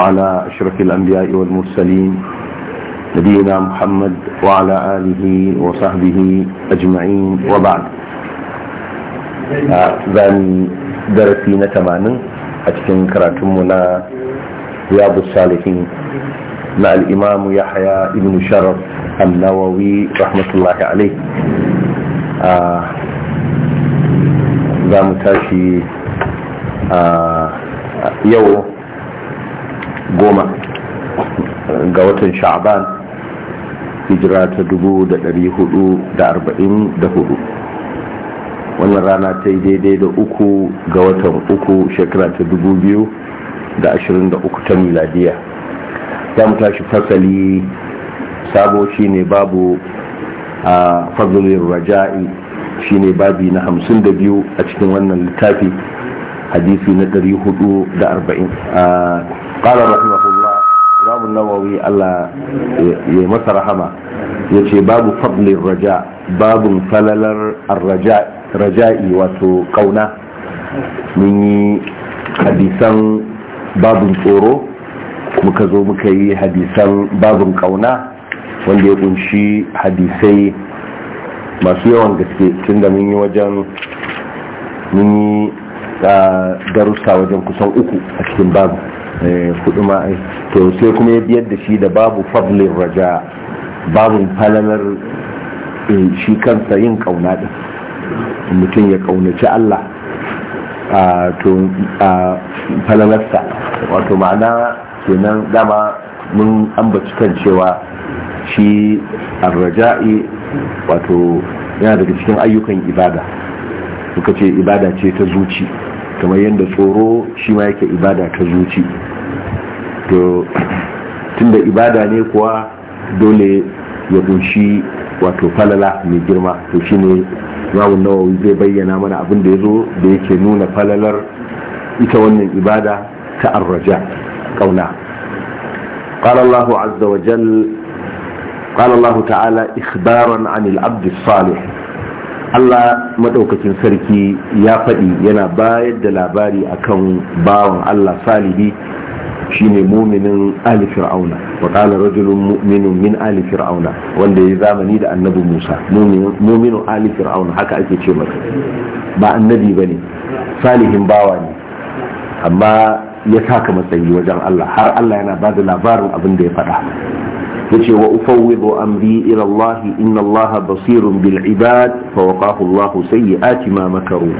على أشرف الأنبياء والمرسلين نبينا محمد وعلى آله وصحبه أجمعين وبعد ذن درسي نتمانا أتكن كراتمنا رياض الصالحين مع الإمام يحيى بن شرف النووي رحمة الله عليه ذا متاشي يوم goma ga watan sha'ban hijira ta dubu da dari hudu da arba'in da hudu wannan rana ta yi daidai da uku ga watan uku shekara ta dubu biyu da ashirin da uku ta miladiya za mu tashi fasali sabo shi ne babu a fazilin raja'i ne babi na hamsin da biyu a cikin wannan littafi hadisi na 440 qala rahimahullah imam nawawi Allah ya masa rahama yace babu fadlir raja babu falalar raja'i wato kauna mun yi hadisan babun tsoro muka zo muka yi hadisan babun kauna wanda ya kunshi hadisai masu yawan gaske tunda mun yi wajen mun yi darussa wajen kusan uku a cikin babu Kudu eh, ma to sai kuma ya biyar da shi da babu fablin raja babu falalar eh, shi kansa yin kauna din mutum ya kaunaci Allah to a falalarsa wato ma'ana kenan dama mun ambaci kan cewa shi arraja'i wato yana daga cikin ayyukan ibada suka ce ibada ce ta zuci kamar yadda tsoro shi ma yake ibada ta zuci to tunda ibada ne kuwa dole ya kunshi wato falala mai girma to shine zamu nawawi zai bayyana mana abin da ya zo da yake nuna falalar ita wannan ibada ta arraja kauna قال الله عز وجل قال الله تعالى إخبارا عن العبد الصالح Allah madaukakin sarki ya faɗi yana bayar da labari akan bawan Allah salihi shine muminin ali fir'auna wa qala rajulun mu'minun min ali fir'auna wanda ya zamani da annabi Musa muminin ali fir'auna haka ake ce masa ba annabi bane salihin bawa ne amma ya taka matsayi wajen Allah har Allah yana ba da labarin abin da ya faɗa yace wa ufawwidu amri ila Allah inna Allah basirun bil ibad fa waqahu Allah sayyi'ati ma makaru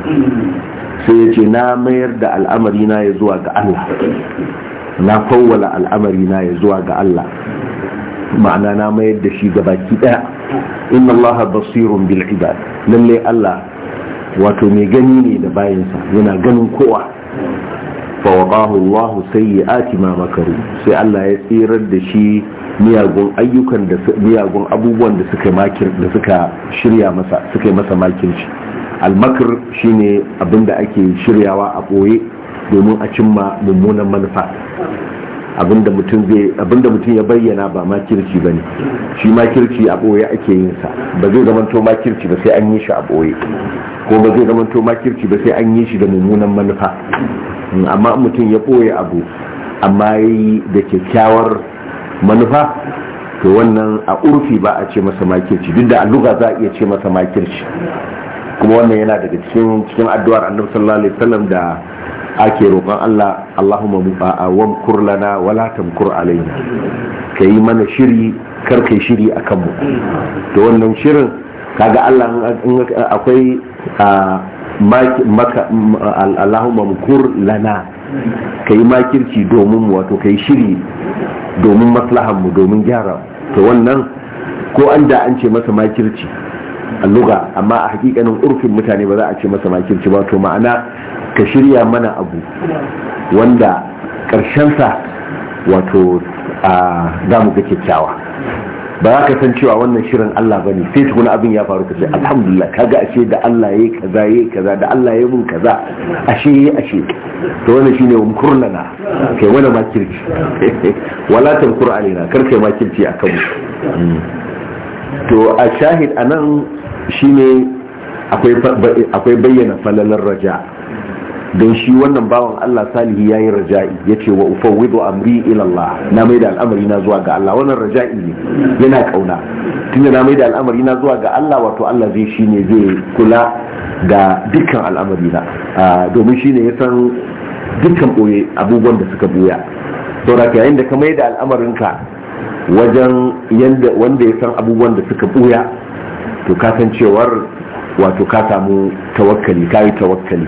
sai yace na mayar da al'amari na ya zuwa ga Allah na fawwala al'amari na ya zuwa ga Allah ma'ana na mayar da shi ga baki daya inna Allah basirun bil ibad lalle Allah wato mai gani ne da bayansa yana ganin kowa فوقاه الله سيئات ما مكروا sai Allah ya tsirar da shi miyagun ayyukan da miyagun abubuwan da suka makir da suka shirya masa suka yi masa makirci almakr shine abinda ake shiryawa a boye domin a cimma mummunan manufa abinda mutum zai abinda mutum ya bayyana ba makirci bane shi makirci a boye ake yin sa ba zai zama to makirci ba sai an yi shi a boye ko ba zai zama to makirci ba sai an yi shi da mummunan manufa Hmm, amma mutum ya ɓoye abu amma yi da kyakkyawar manufa to wannan a urfi ba a ce masa makirci duk da alluga za a iya ce masa makirci kuma wannan yana daga cikin cikin addu'ar annabi sallallahu alaihi wasallam da ake roƙon Allah Allahumma mu'awam kurlana wala tamkur alaina kai mana shiri kar kai shiri akan mu to wannan shirin kaga Allah akwai allahumma mkur lana ka yi makirci domin mu wato ka yi shiri domin maslahanmu domin gyara to wannan ko an da an ce masa makirci a luga amma a hakikanin urfin mutane ba za a ce masa makirci ba to ma'ana ka shirya mana abu wanda ƙarshensa wato a damu ga kyakkyawa ba za ka san cewa wannan shirin Allah bane sai tukun abin ya faru kace alhamdulillah kaga ashe da Allah yayi kaza yayi kaza da Allah yayi mun kaza ashe yayi ashe to wannan shine wa na, kai wani makirci wala tankur na, kar kai makirci a mu hmm. to a shahid anan shine akwai akwai bayyana falalar raja' don shi wannan bawan Allah salihi yi raja'i ya ce wa ufawwidu amri ila Allah na maida al'amari na zuwa ga Allah wannan raja'i ne yana kauna tunda na maida al'amari na zuwa ga Allah wato Allah zai ne zai kula da dukkan al'amari na ah, domin ne ya san dukkan boye abubuwan da suka buya saboda yayin da ka maida al'amarinka wajen yanda wanda ya san abubuwan da suka buya to cewar wato ka samu tawakkali kayi tawakkali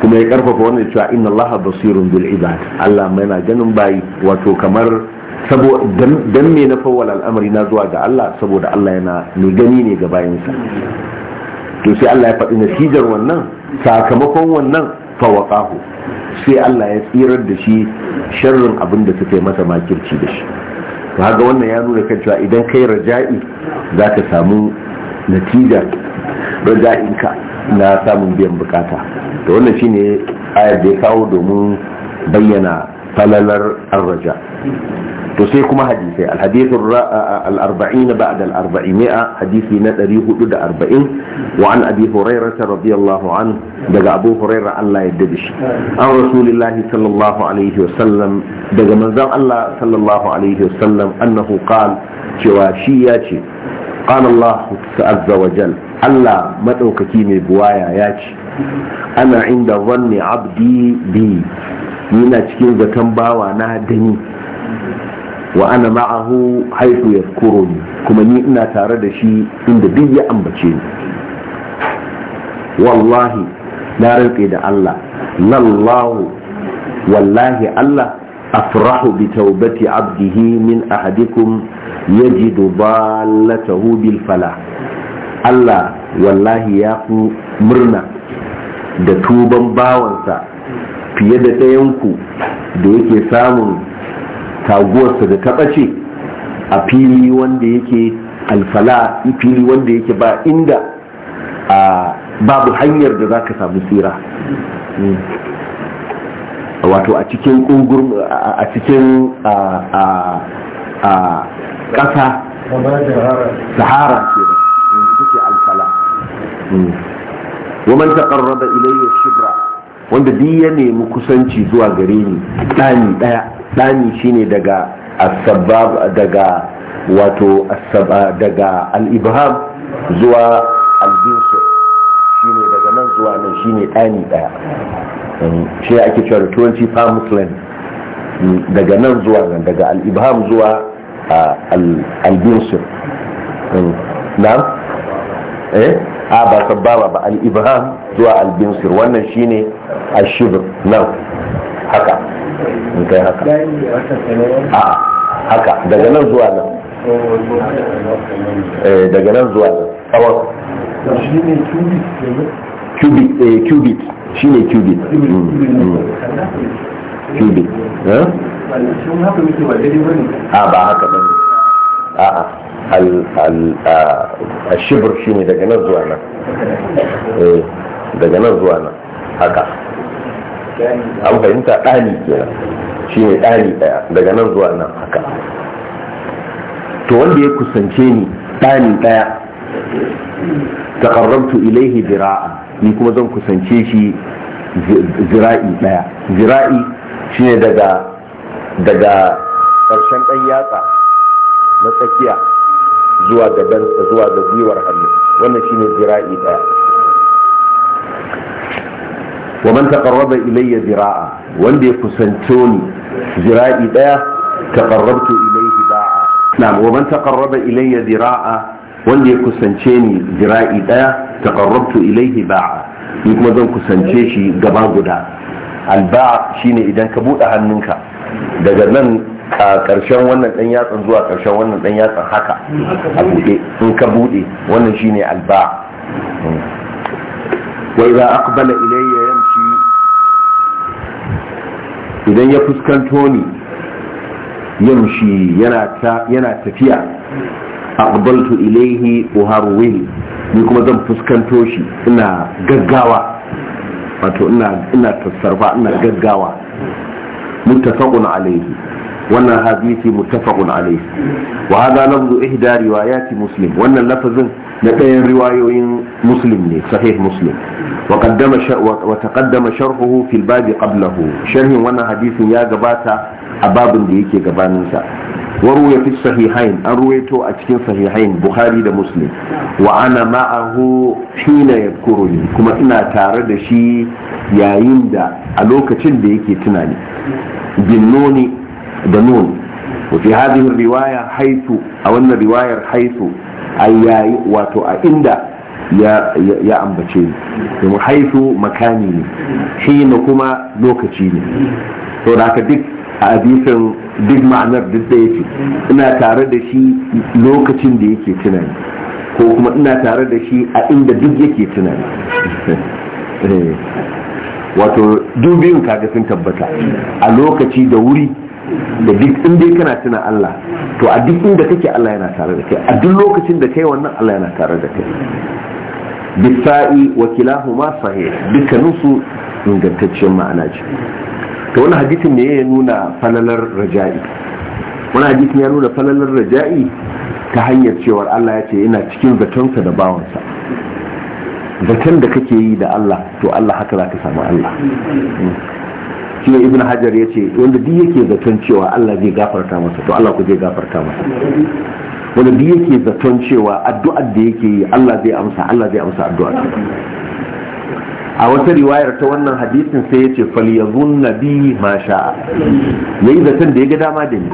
kuma ya karfafa wannan cewa inna allaha basirun bil ibad Allah yana ganin bayi wato kamar saboda dan me na fawwala al'amari na zuwa ga Allah saboda Allah yana mai gani ne ga sa to sai Allah ya faɗi natijar wannan sakamakon wannan fawaqahu sai Allah ya tsirar da shi sharrin abin da suka yi masa makirci da shi to haka wannan ya nuna kan cewa idan kai raja'i za samu natija raja'inka na samun biyan bukata To wannan shine ayar da ya kawo domin bayyana falalar arraja to sai kuma hadisai alhadith al-arba'in ba'da al-arba'imi'a hadisi na 440 wa an abi hurairah radiyallahu an daga abu hurairah Allah ya dade shi an rasulullah sallallahu alaihi wa sallam, daga manzon Allah sallallahu alaihi wa sallam, annahu qala cewa shi ya ce qala Allah ta'azza wa jalla Allah maɗaukaki mai buwaya ya ce ana inda wani abdi bi yana cikin zaton bawa na dani wa ana ma'ahu haifu ya kuma ni ina tare da shi inda duk ya ambace ni wallahi na rantse da Allah lallahu wallahi Allah afrahu bi taubati abdihi min ahadikum yajidu ballatahu bil falah Allah wallahi ya fi murna da tuban bawansa fiye da ɗayanku da yake samun taguwarsa da ta ɓace a fili wanda yake alfala fili wanda yake ba inda a babu hanyar da za ka samu tsira wato a cikin a cikin a ƙasa sahara ke wa man taqarraba ilayya shibra wanda duk ya nemi kusanci zuwa gare ni dani daya dani shine daga as daga wato daga al-ibham zuwa al-binsur shine daga nan zuwa nan shine dani daya shi ake cewa 20 turanci length daga nan zuwa nan daga al-ibham zuwa ah, al-binsur na? eh a ba sababa ba al-ibham zuwa al-binsir wannan shine a shibr nan haka in kai haka a haka daga nan zuwa nan daga nan zuwa nan tsawon shine cubic eh cubic shine cubic cubic eh a ba haka bane a'a al-shibir shi ne daga nan zuwa nan eh, daga nan zuwa nan haka an fahimta ɗani kenan shi ne ɗani ɗaya daga nan zuwa nan haka to wanda ya kusance ni ɗani ɗaya ta ƙarramtu ilaihi zira'a ni kuma zan kusance shi zira'i ɗaya zira'i shi ne daga ƙarshen ɗan yatsa na tsakiya zuwa gaban zuwa ga gwiwar hannu wannan shine zira'i daya wa man taqarraba ilayya zira'a wanda ya kusance ni zira'i daya taqarrabtu ilayhi ba'a na'am wa man taqarraba ilayya zira'a wanda ya kusance ni zira'i daya taqarrabtu ilayhi ba'a ni kuma zan kusance shi gaba guda alba shine idan ka buɗe hannunka daga nan a ƙarshen wannan ɗan yatsan zuwa ƙarshen wannan ɗan yatsan haka a buɗe in ka buɗe wannan shi ne alba wa idza aqbala ilayya yamshi idan ya fuskanto ni yamshi yana tafiya yana tafiya aqbaltu ilayhi uharwil ni kuma zan fuskanto shi ina gaggawa wato ina ina tasarfa ina gaggawa muttafaqun alayhi wannan hadisi muttafaqun alayh wa hadha lafzu ihda riwayati muslim wannan lafazin na ɗayan riwayoyin muslim ne sahih muslim wa qaddama wa taqaddama sharhuhu fil bab qablahu sharhin wannan hadisin ya gabata a babin da yake gabanin sa wa ruwaya fi sahihain an ruwaito a cikin sahihain bukhari da muslim wa ana ma'ahu hina yadkuruni kuma ina tare da shi yayin da a lokacin da yake tunani bin nuni da nun wafi hadin riwaya haitu a wannan riwayar haitu a yayi wato a inda ya ambace ni. ne haitu makami ne shi ne kuma lokaci ne to da haka duk a abisin duk ma'anar duk da yake ina tare da shi lokacin da yake tunani ko kuma ina tare da shi a inda duk yake tunani eh, wato dubin kaga sun tabbata a lokaci da wuri da duk inda kana tuna Allah to a duk inda kake Allah yana tare da kai a duk lokacin da kai wannan Allah yana tare da kai bisa'i wa kilahuma sahih dukkanin su ingantaccen ma'ana ce to wannan hadisin ne ya nuna falalar raja'i wannan hadisin ya nuna falalar raja'i ta hanyar cewar Allah ya ce yana cikin zatonsa da bawansa zaton da kake yi da Allah to Allah haka za ka samu Allah shi ne ibn hajar ya ce wanda duk yake zaton cewa allah zai gafarta masa to allah ku zai gafarta masa wanda duk yake zaton cewa addu'ar da yake yi allah zai amsa allah zai amsa addu'ar a wata riwayar ta wannan hadisin sai ya ce falyazun nabi ma sha'a yi zaton da ya ga dama da ni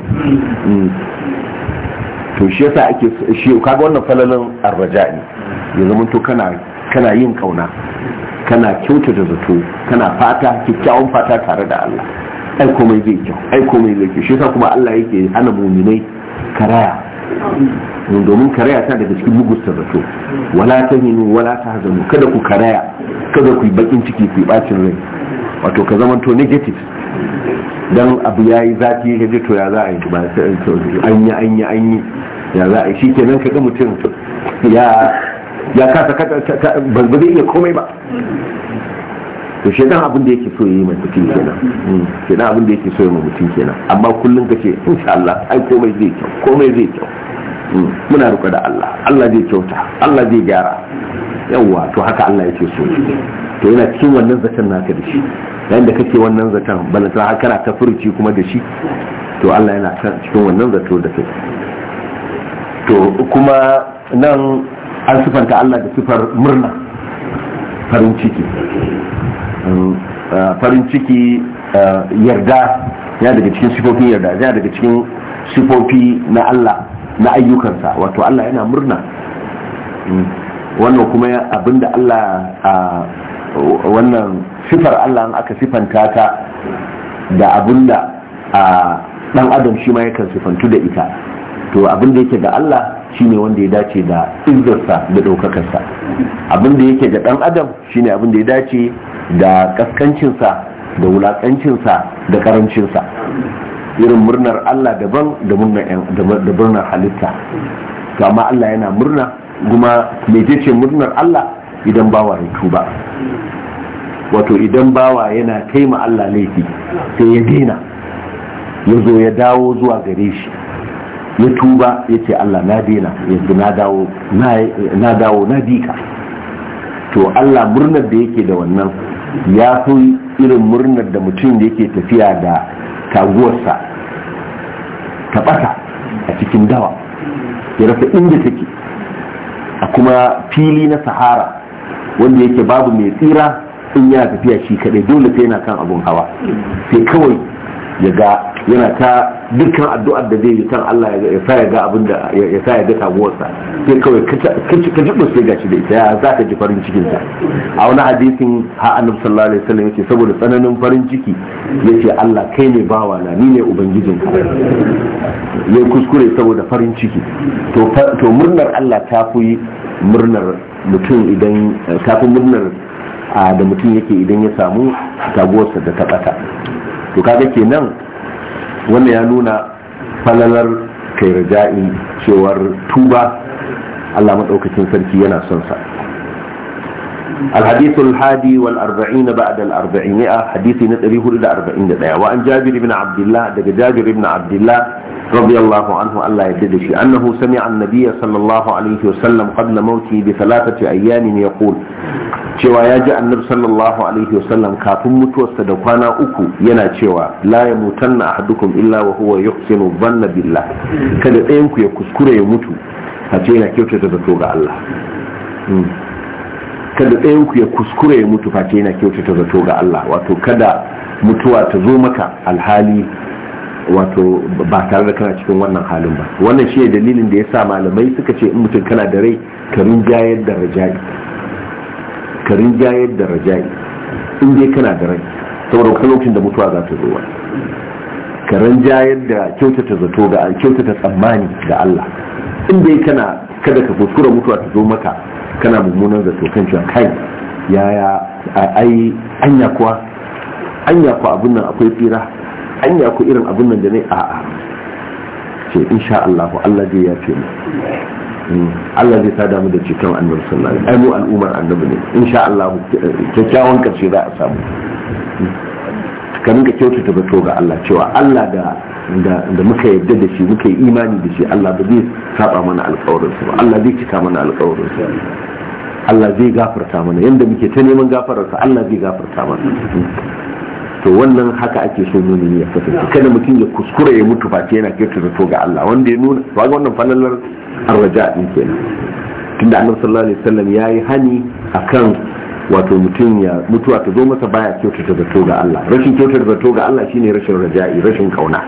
mm. to shi yasa ake shi kaga wannan falalin ja'i, ya zama to kana kana yin kauna kana kyautata zato kana fata kyakkyawan fata tare da Allah ai komai zai kyau ai komai zai kyau shi yasa kuma Allah yake hana muminai karaya domin karaya ta daga cikin mugusta zato wala ta hinu wala ta hazanu kada ku karaya kada ku yi bakin ciki ku yi bacin rai wato ka zama to negative dan abu yayi zafi ka je to ya za a yi ba sai an yi an yi an yi ya za a yi shikenan ga mutum ya ya kasa ba zai iya komai ba to dan abin da yake so yi mai mutum kenan hmm. dan abin da yake so yi mai mutum kenan amma kullum ka ce insha Allah ai komai zai kyau komai zai kyau hmm. muna roƙa da Allah Allah zai kyauta Allah zai gyara yawwa to haka Allah yake so to yana cikin wannan zaton naka da shi yayin da kake wannan zakan, bana ta haka ta furuci kuma da shi to Allah yana cikin wannan zato da kai to kuma nan an sifanta Allah da sifar murna farin ciki uh, farin ciki uh, yarda ya daga cikin sifofin yarda ya daga cikin sifofi na Allah na ayyukansa wato Allah yana murna mm. wannan kuma abinda Allah uh, wannan sifar Allah aka sifanta ta da abinda dan adam shi ma yakan sifantu da ita to abinda yake da Allah shine wanda ya dace da izzarsa da ɗaukakarsa abin da yake ga ɗan adam shine abin da ya dace da kaskancinsa da wulakancinsa da karancinsa irin murnar Allah daban da murnar halitta to amma Allah yana murna kuma mece ce murnar Allah idan bawa ya ba, wato idan bawa yana kai ma Allah laifi sai ya dena ya zo ya dawo zuwa gare shi ya tuba ya ce Allah na daina yanzu na dawo na bika to Allah murnar da yake da wannan ya fi irin murnar da mutum da yake tafiya da taguwarsa ta ɓata a cikin dawa ya rasa inda take a kuma fili na sahara wanda yake babu mai tsira in yana tafiya shi kaɗai dole sai yana kan abun hawa sai kawai ya ga yana ta dukkan addu'ar da zai yi kan Allah ya sa ya ga abin ya sa ga tabuwarsa sai kawai ka ji sai gashi da ita ya za ka ji farin cikin ta a wani hadisin ha annabi sallallahu alaihi wasallam yace saboda tsananin farin ciki yace Allah kai ne bawa na ni ne ubangijin ka ya kuskure saboda farin ciki to to murnar Allah ta fi murnar mutum idan ta murnar da mutum yake idan ya samu tabuwarsa da ta bata to kaga kenan wannan ya nuna falalar kai raja'i cewar tuba Allah madaukakin sarki yana son sa الحديث الحادي والأربعين بعد الأربعين حديث نتريه إلى أربعين دقيقة وعن جابر بن عبد الله دق جابر بن عبد الله رضي الله عنه ألا يددش أنه سمع النبي صلى الله عليه وسلم قبل موته بثلاثة أيام يقول cewa ya ji annabi sallallahu alaihi wasallam kafin mutuwarsa da kwana uku yana cewa la ya mutanna ahadukum illa wa huwa yuhsinu dhanna billah kada ɗayan ku ya kuskure ya mutu a ce yana kyautata zato ga Allah hmm. kada ɗayan ku ya kuskure ya mutu face yana kyautata zato ga Allah wato kada mutuwa ta zo maka alhali wato ba tare da kana cikin wannan halin ba wannan shi ne dalilin da ya sa malamai suka ce in mutum kana da rai ka rinjayar da raja'i ka rinjayar da rajayi in dai kana da rai saboda wata lokacin da mutuwa za ta zo wa ka rinjayar da kyautata zato ga kyautata tsammani ga Allah in dai kana kada ka kuskura mutuwa ta zo maka kana mummunan zato kan cewa kai yaya ai anya kuwa anya kuwa abin nan akwai tsira anya ku irin abin nan da ne a'a ce insha Allah Allah zai yafe mu Allah zai sada mu da cikin annabi sallallahu alaihi wasallam al'ummar annabi ne insha Allah kyakkyawan karshe za a samu ka rinka kyautata bato ga Allah cewa Allah da da muka yadda da shi muka yi imani da shi Allah ba zai saba mana alƙawarinsa ba Allah zai cika mana sa Allah zai gafarta mana yanda muke ta neman sa Allah zai gafarta mana to wannan haka ake so nuni ya kasance kada mutum ya kuskura ya mutu face yana kyautata to ga Allah wanda ya nuna ga wannan falalar arraja din kenan tunda annabi sallallahu alaihi wasallam yayi hani akan wato mutum ya mutuwa ta zo masa baya kyautata zato ga Allah rashin kyautata zato ga Allah shine rashin raja'i rashin kauna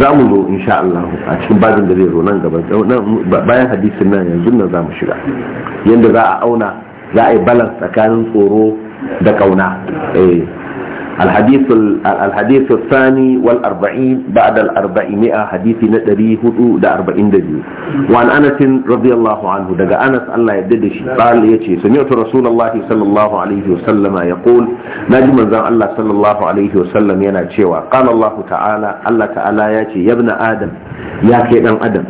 za mu zo insha Allah a cikin bazin da zai zo nan gaba bayan hadisin nan yanzu nan za mu shiga yanda za a auna za a yi balance tsakanin tsoro da kauna eh الحديث الحديث الثاني والأربعين بعد الأربعمائة حديث ندري هدو دا أربعين دجو وعن أنس رضي الله عنه دقى أنس الله يددش قال يتشي سمعت رسول الله صلى الله عليه وسلم يقول نجم زم الله صلى الله عليه وسلم يناتشيوا قال الله تعالى الله تعالى يتشي يا ابن آدم يا كيدم آدم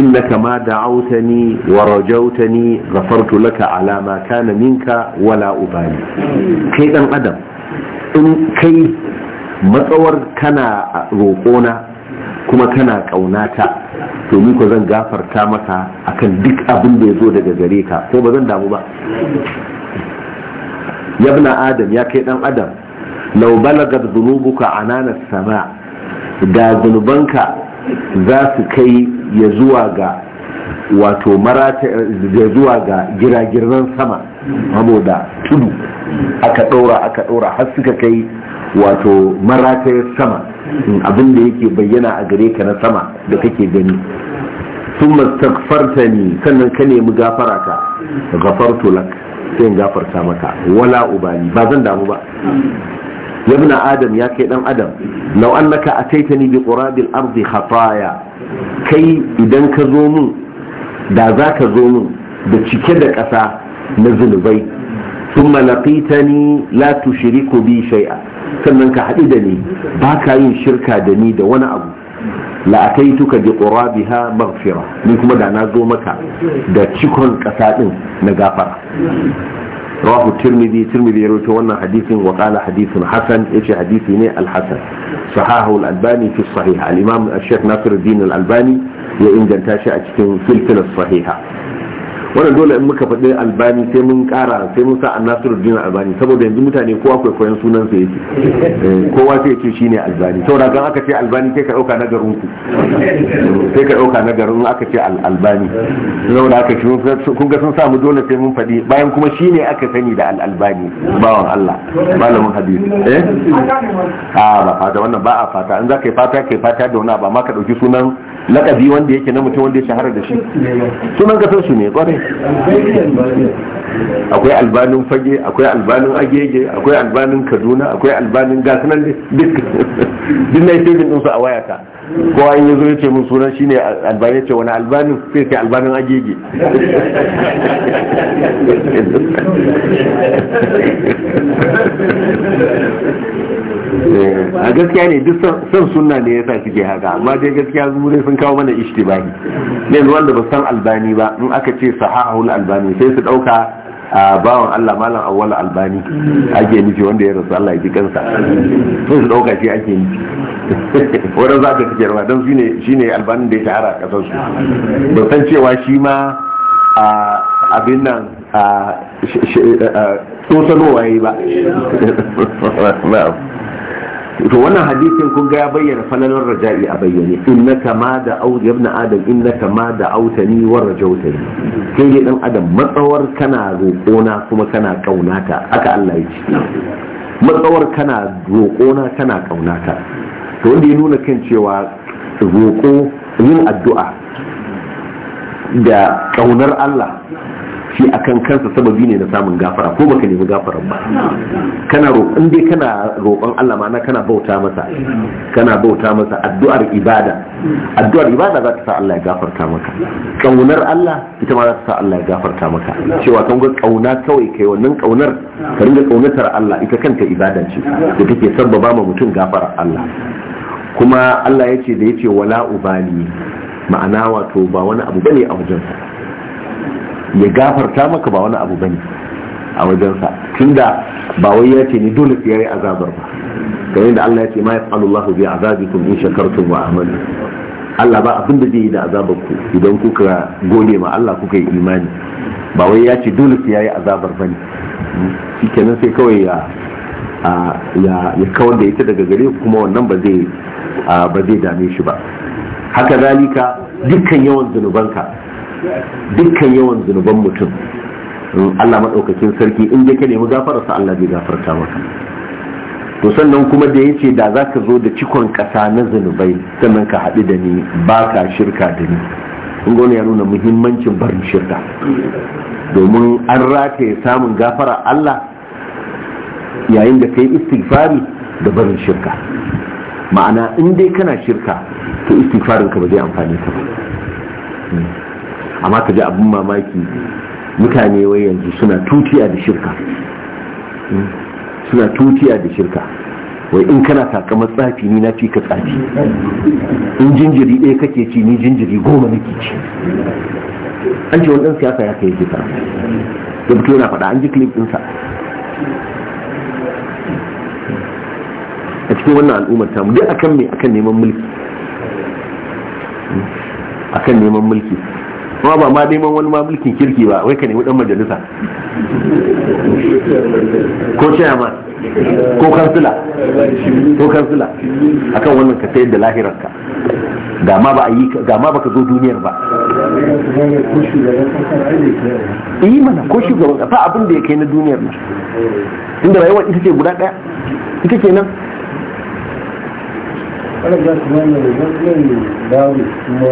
إنك ما دعوتني ورجوتني غفرت لك على ما كان منك ولا أبالي كيدم آدم in kai matsawar kana roƙona kuma kana ƙaunata to domin ko zan gafarta maka a kan duk abin da ya zo daga gare ka ko ba zan damu ba yabna adam ya kai dan adam law balagat a nanar sama da zunubanka za su kai ya zuwa ga wato marata da zuwa ga giragiran sama saboda tudu aka ɗora aka ɗora har suka kai wato maratayar sama abin da yake bayyana a gare ka na sama da kake gani sun mastakfarta ni sannan ka nemi gafara ka gafar lak sai gafarta maka wala ubali ba zan damu ba yabna adam ya kai dan adam law annaka ataitani bi qurabil ardi hafaya kai idan ka zo mun da za ka zo min da cike da ƙasa na zunubai sun malaƙita ni la shiriku bi shai'a sannan ka haɗu da ni ba ka yin shirka da ni da wani abu la'akai tuka bi biha maghfira ni kuma da na zo maka da cikon ƙasa ɗin na gafara رواه الترمذي الترمذي يروي وانا حديث hadisin حديث حسن ايش حديث ني الحسن صححه الالباني في الصحيح الامام الشيخ ناصر الدين Albani. ya inganta shi a cikin silsilar sahiha wannan dole in muka faɗi albani sai mun ƙara sai mun sa annasiruddin albani saboda yanzu mutane kowa kwaikwayon sunan sa yake eh, kowa sai ya ce shine albani saboda kan aka ce albani sai ka ɗauka na garin ku sai ka ɗauka na garin aka ce albani saboda aka ce kun ga sun samu dole sai mun faɗi bayan kuma shine aka sani da albani bawan Allah malamin hadisi eh a ba fata wannan ba a fata in za ka yi fata ka yi fata da wani ba ma ka ɗauki sunan lakabi wanda yake na mutum wanda ya shahara da shi sunan san shi ne kwarai akwai albanin fage akwai albanin agege akwai albanin kaduna akwai albanin gasunan duk na yi su a wayata kowa in yanzu ya ce mun sunan ne albanin ce wani albanin sai ce albanin agege Eh, a gaskiya ne duk san sunna ne yasa suke haka amma dai gaskiya zuwa dai sun kawo mana ishtibahi ne wanda ba san albani ba in aka ce sahahul albani sai su dauka a bawan Allah malam awwal albani ake nufi wanda ya rasu Allah ya ji kansa sun su dauka shi ake nufi wannan za ka cike rawa dan shi ne albanin da ya shahara a kasar su ba san cewa shi ma a abin nan a ya yi ba to wannan hadisin kun ga ya bayyana falalar raja'i a bayyane innaka ma da au yabna ibn adam innaka ma da autani wa rajautani kai ne dan adam matsawar kana roƙona kuma kana kaunata aka Allah ya ce matsawar kana roƙona kana kaunata to wanda ya nuna kan cewa roƙo yin addu'a da kaunar Allah shi akan kansa sababi ne na samun gafara ko baka nemi gafaran ba kana roƙon in dai kana roƙon Allah ma'ana kana bauta masa kana bauta masa addu'ar ibada addu'ar ibada za ta sa Allah ya gafarta maka kaunar Allah ita ma za ta sa Allah ya gafarta maka cewa kan ga kauna kawai kai wannan kaunar ka ringa kaunatar Allah ita kanta ibada ce da take sabbaba ma mutum gafarar Allah kuma Allah ya ce da ya ce wala ubali ma'ana wato ba wani abu bane a wajensa ya gafarta maka ba wani abu bane a wajensa tunda ba wai ya ce ni dole sai yayi azabar ba kamar da Allah ya ce ma yaqalullahu bi azabikum in shakartum wa amantum Allah ba abin da zai yi da azabar ku idan kuka gode ma Allah kuka yi imani ba wai ya ce dole sai yayi azabar bane kenan sai kawai ya ya kawar da ita daga gare kuma wannan ba zai ba zai dame shi ba haka zalika dukkan yawan zunubanka dukkan yawan zunuban mutum Allah maɗaukakin sarki in je ka nemi gafararsa Allah zai gafarta maka to sannan kuma da yace da za ka zo da cikon ƙasa na zunubai sannan ka haɗu da ni baka ka shirka da ni in gona ya nuna muhimmancin barin shirka domin an rataye samun gafara Allah yayin da ka yi istighfari da barin shirka ma'ana in dai kana shirka to istighfarin ka ba zai amfani ka ba amma ka ji abin mamaki mutane wai yanzu suna tutiya da shirka suna tutiya da shirka wai in kana takamar tsafi ni na fi ka tsafi in jinjiri ɗaya kake ci ni jinjiri goma nake ci an ce wani siyasa ya kai jika da fito yana faɗa an ji clip ɗinsa a cikin wannan al'ummar tamu duk akan me akan neman mulki akan neman mulki kuma ba ma neman wani ma mulkin kirki ba wai ka nemi dan majalisa ko chairman ko kansila ko kansila akan wannan ka sayar da lahirarka ga ma ba a yi ga ma baka zo duniyar ba yi eh mana ko shugaban fa abin da ya kai na duniyar nan inda rayuwar ita ce guda daya ita ce nan Ana za su wani da zafiyar dawo kuma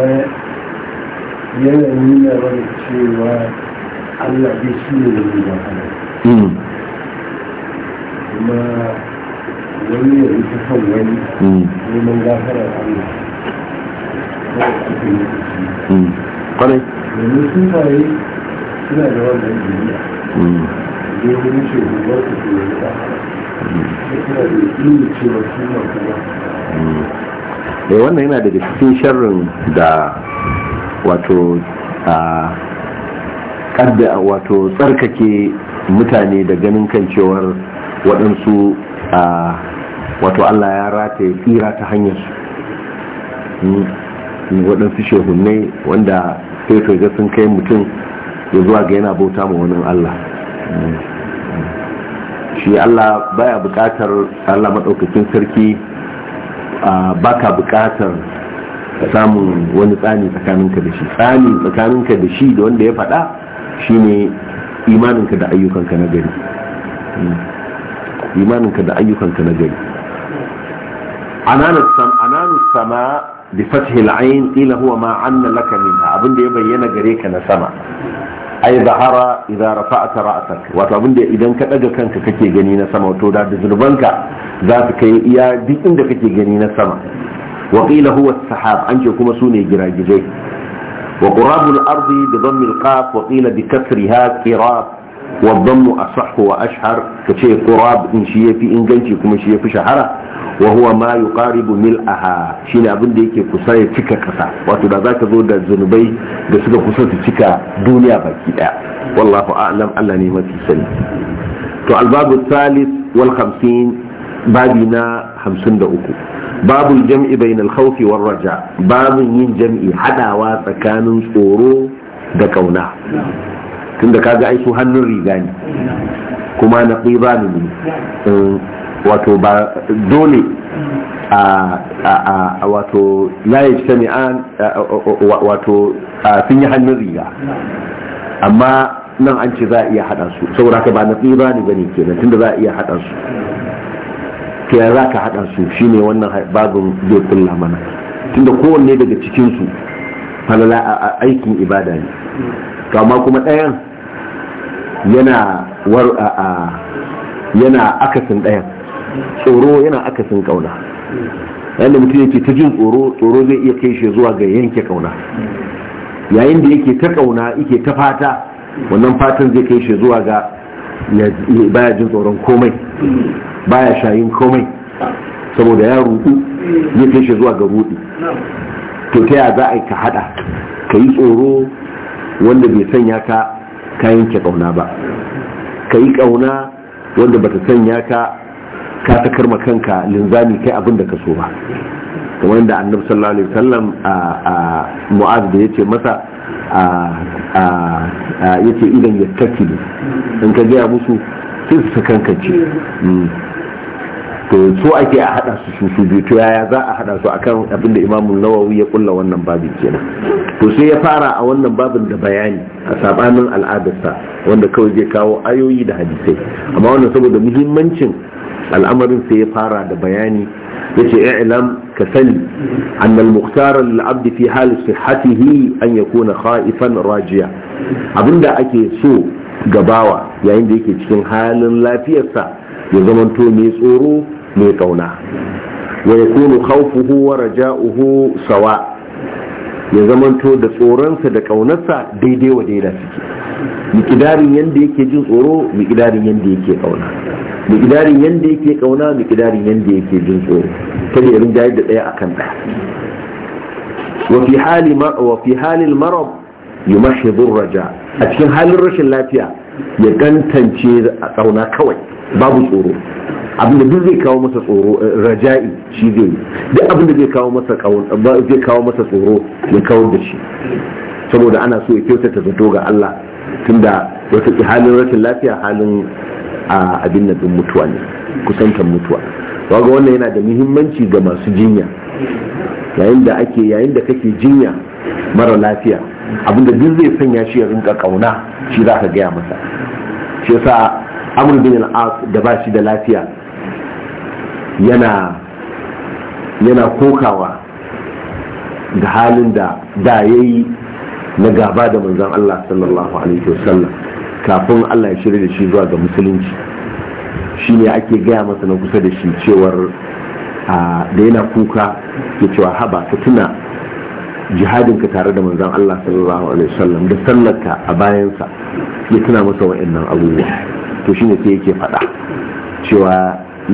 yana nuna wani cewa allah bai shi ne wani wahala kuma wani ya ta kan wani hmm. neman gafarar allah hmm. kwanai domin sun faye suna da wannan duniya ne wani ce gubar su ke wani ba suna da ilmi cewa suna kuma da wannan yana daga cikin sharrin da wato kadda wato tsarkake mutane da ganin kan cewar waɗansu wato Allah ya rataye tsira ta hanyar su hmm, waɗansu shehunai wanda sai ga sun kai mutum ya zuwa ga yana bauta ma wani Allah hmm, shi Allah baya buƙatar Allah maɗaukakin sarki baka buƙatar ka samun wani tsani tsakaninka da shi tsani tsakaninka da shi da wanda ya faɗa shi ne imaninka da ayyukanka na gari imaninka da ayyukanka na gari ananu sama bi fathi al-ayn ila huwa ma anna laka minha abinda ya bayyana gare ka na sama ai zahara idza rafa'ta ra'sak wato abinda idan ka ɗaga kanka kake gani na sama wato da zunubanka za su kai iya duk inda kake gani na sama wa qila huwa sahab an ce kuma sune giragizai wa qurabul ardi bi dhamm al-qaf wa qila bi kasriha qirab wa dhamm asah kace qurab in shi yafi inganci kuma shi yafi shahara wa mayu karibu yuqaribu mil'aha shine abin da yake kusa ya cika kasa wato da zaka zo da zunubai da suka kusa su cika duniya baki daya wallahu a'lam Allah ne mafi sani to albabu thalith wal 50 hamsin da uku. babul jam'i bainal khawfi war raja babun yin jam'i hadawa tsakanin tsoro da kauna tunda kaga ai su hannun riga ne kuma na qiba ne mm, wato ba dole a wato layi yajtami'an wato sun yi hannun riga amma nan an ce za a iya hada su saboda haka ba na qiba ne bane kenan tunda za a iya hada su to ya za ka haɗa su shine wannan babin zai kulla mana tunda kowanne daga cikinsu falala a aikin ibada ne kama kuma ɗayan yana war a yana akasin ɗayan tsoro yana akasin ƙauna yadda mutum yake ta jin tsoro tsoro zai iya kai shi zuwa ga yanke ƙauna yayin da yake ta ƙauna yake ta fata wannan fatan zai kai shi zuwa ga baya jin tsoron komai baya shayin komai saboda ya rudu ya kai shi zuwa ga rudu to ta ya za a yi ka hada ka yi tsoro wanda bai sanya ka kayan ke kauna ba ka yi kauna wanda ta sanya ka ka ta ma kanka linzami kai abin da ka so ba kamar da annabi sallallahu alaihi wasallam a mu'az da ya ce masa ya ce idan ya kaki in ka gaya musu sai su ce mm. to so ake a hada su su biyu to yaya za a hada su akan abin da imamu nawawi ya kulla wannan babin kenan to sai ya fara a wannan babin da bayani a sabanin al'adarsa wanda kawai zai kawo ayoyi da hadisai amma wannan saboda muhimmancin al'amarin sai ya fara da bayani yace i'lam ka sani anna al-mukhtar lil-abd fi hal sihhatihi an yakuna khaifan rajiya abinda ake so gabawa yayin da yake cikin halin lafiyarsa ya zamanto mai tsoro mai kauna wa yakunu khawfuhu wa raja'uhu sawa' ya zamanto da tsoronsa da kaunarsa daidai wa daida suke mikidarin yadda yake jin tsoro mikidarin yadda yake kauna mikidarin yadda yake kauna mikidarin yadda yake jin tsoro kada ya rinjaye da ɗaya akan ɗaya wa fi halin marab yumashi raja a cikin halin rashin lafiya ya gantance a tsauna kawai babu tsoro abinda duk zai kawo masa tsoro eh, raja'i shi zai yi duk abinda zai kawo masa zai kawo masa tsoro ya kawar da shi saboda ana so ya kyautata zato ga Allah tunda wata halin rashin lafiya halin abin nan mutuwa ne kusantar mutuwa ga wannan yana da muhimmanci ga masu jinya yayin da ake yayin da kake jinya mara lafiya abinda duk zai sanya shi ya rinka kauna shi za ka gaya masa shi yasa amr bin al-as da ba shi da lafiya yana yana kokawa da halin da da yayi na gaba da manzon Allah sallallahu alaihi wasallam kafin Allah ya shirya da shi zuwa ga musulunci shine ake gaya masa na kusa da shi cewar da yana kuka ya cewa haba ka tuna jihadinka tare da manzan Allah sallallahu alaihi wasallam da sallarka a bayansa ya tuna masa wa'annan abubuwa to ne sai yake faɗa cewa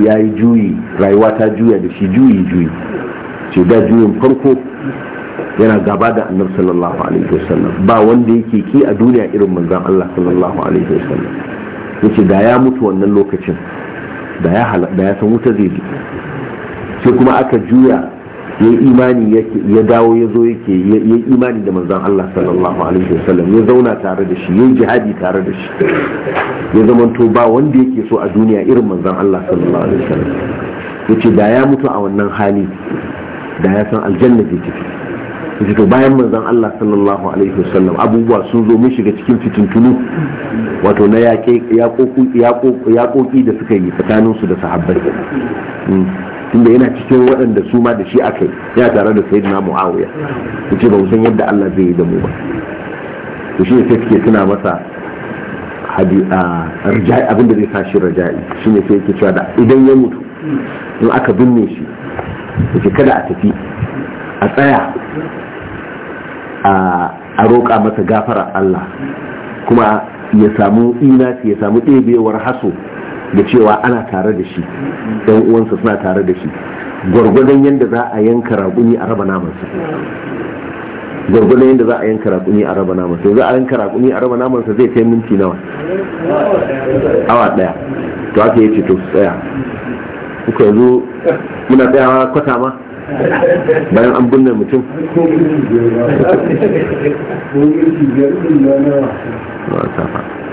ya yi juyi rayuwa ta juya da shi juyi juyi ce da juyin farko yana gaba da annar sallallahu alaihi wasallam ba wanda yake ki a duniya irin manzan Allah sallallahu alaihi wasallam yace da ya mutu wannan lokacin da ya san wuta zai sai kuma aka juya ya imani ya dawo ya zo yake ya imani da manzon Allah sallallahu alaihi wasallam ya zauna tare da shi ya yi jihadi tare da shi ya to ba wanda yake so a duniya irin manzon Allah sallallahu alaihi wasallam yace da ya mutu a wannan hali da ya san aljanna ke ciki yace to bayan manzon Allah sallallahu alaihi wasallam abubuwa sun zo mun shiga cikin fitintunu wato na yaƙoƙi da suka yi tsakaninsu da sahabbai hmm. tunda yana cikin waɗanda su ma da shi aka yi ya tare da sayyidina muawiya yace ba san yadda Allah zai yi da mu ba to shi sai suke tuna masa abin da zai sa shi rajai shine sai yake cewa da idan ya mutu in aka binne shi yace kada a tafi a tsaya a roƙa masa gafara Allah kuma ya samu inati ya samu ɗebewar haso da cewa ana tare da shi ɗan uwansa suna tare da shi gwargwadon yadda za a yanka raƙuni a raba namansa gwargwadon yadda za a yanka raƙuni a raba namansa za a yanka raƙuni a raba namansa zai kai minti nawa awa ɗaya to aka yi ce to tsaya kuka yanzu muna tsayawa kwata ma bayan an binne mutum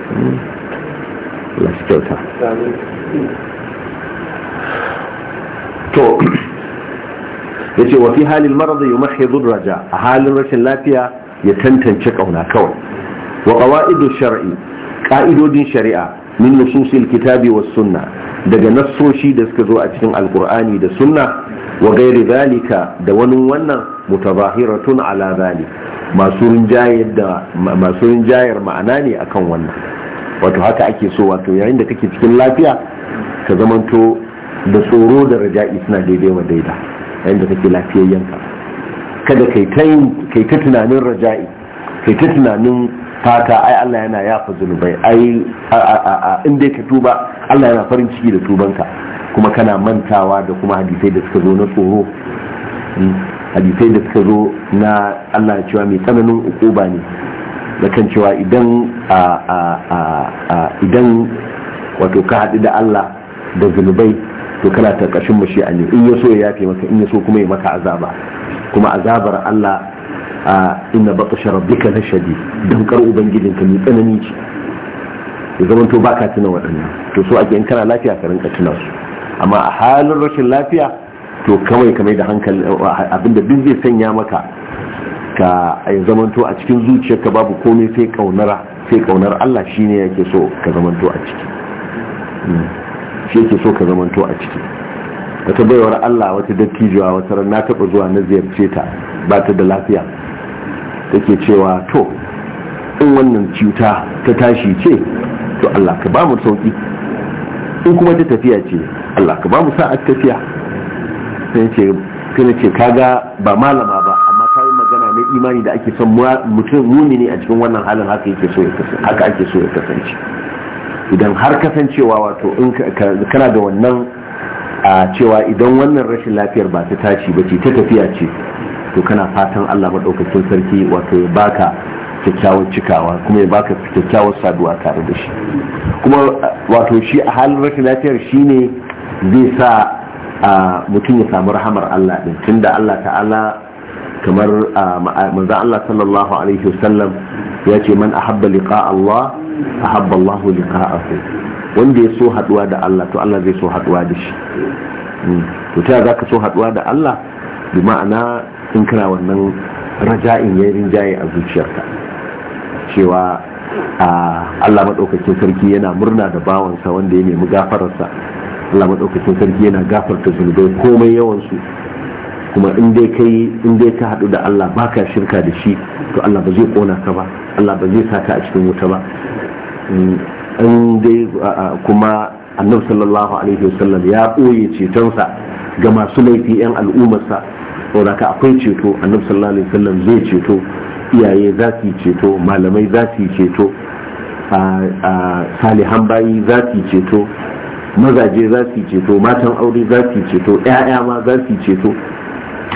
Thank you. masu kyauta to ya ce wa halin marar da yi mahizun raja a halin rashin lafiya ya tantance kauna kawai wa ƙawa'idun shari'i ƙa'idodin shari'a min nususil kitabi wa sunna daga nassoshi da suka zo a cikin alkur'ani da sunna wa gairi zalika da wani wannan mutazahiratun ala zali masu rinjayar ma'ana ne a kan wannan wato haka ake so wato yayin da kake cikin lafiya ka zamanto da tsoro da raja'i suna daidai wa daida yayin da kake lafiyayyanka kada kai ta tunanin raja'i kai ta tunanin fata ai Allah yana yafa zunubai ai in dai ka tuba Allah yana farin ciki da tubanka kuma kana mantawa da kuma hadisai da suka zo na tsoro hmm, hadisai da suka zo na Allah cewa mai tsananin ukuba ne na kan cewa idan idan wato ka haɗu da Allah da zunubai to kana ta ƙarshen mashi a in ya so ya yafe maka in ya so kuma ya maka azaba kuma azabar Allah inna baqsha rabbika la don dan ubangijin ka mai tsanani ce ya zama to ba ka tuna waɗannan to so ake in kana lafiya ka rinka tuna su amma a halin rashin lafiya to kawai ka da hankali abinda duk zai sanya maka ka ya zamanto a cikin zuciyarka babu komai sai kaunar sai kaunar Allah shine yake so ka zamanto a ciki hmm. shi yake so ka zamanto a ciki wata baiwar Allah wata dattijuwa wata ran na taba zuwa na ziyarce ta ba ta da lafiya take cewa to in wannan cuta ta tashi ce to Allah ka ba mu sauki in kuma ta tafiya ce Allah ka ba mu sa'a tafiya sai ce kaga ba malama ba na imani da ake son mutum ne a cikin wannan halin haka yake so ya kasance haka ake so ya kasance idan har kasancewa wato in kana da wannan a cewa idan wannan rashin lafiyar ba ta tashi ba ce ta tafiya ce to kana fatan Allah maɗaukakin sarki wato ya baka kyakkyawar cikawa kuma ya baka kyakkyawar saduwa tare da shi kuma wato shi a halin rashin lafiyar shi ne zai sa mutum ya samu rahamar Allah din tunda Allah ta'ala kamar manzo Allah sallallahu alaihi wasallam ya ce man ahabba liqa Allah ahabba Allah liqa'ahu wanda ya so haduwa da Allah to Allah zai so haduwa da shi hmm. to ta zaka so haduwa da Allah bi ma'ana in kana wannan raja'in ya rinjaye a zuciyarka cewa Allah maɗaukakin sarki yana murna da bawansa wanda ya nemi gafararsa Allah maɗaukakin sarki yana gafarta zunubai komai yawansu kuma in dai kai in dai ka haɗu da Allah baka shirka da shi to Allah ba zai kona ka ba Allah ba zai saka a cikin wuta ba mm, in dai kuma annabi sallallahu alaihi wasallam ya ɓoye cetonsa ga masu laifi yan al'ummarsa da ka akwai ceto annabi sallallahu alaihi wasallam zai ceto iyaye za su ceto malamai za su yi ceto salihan bayi za su yi ceto mazaje za su ceto matan aure za su ceto 'ya'ya ma za su ceto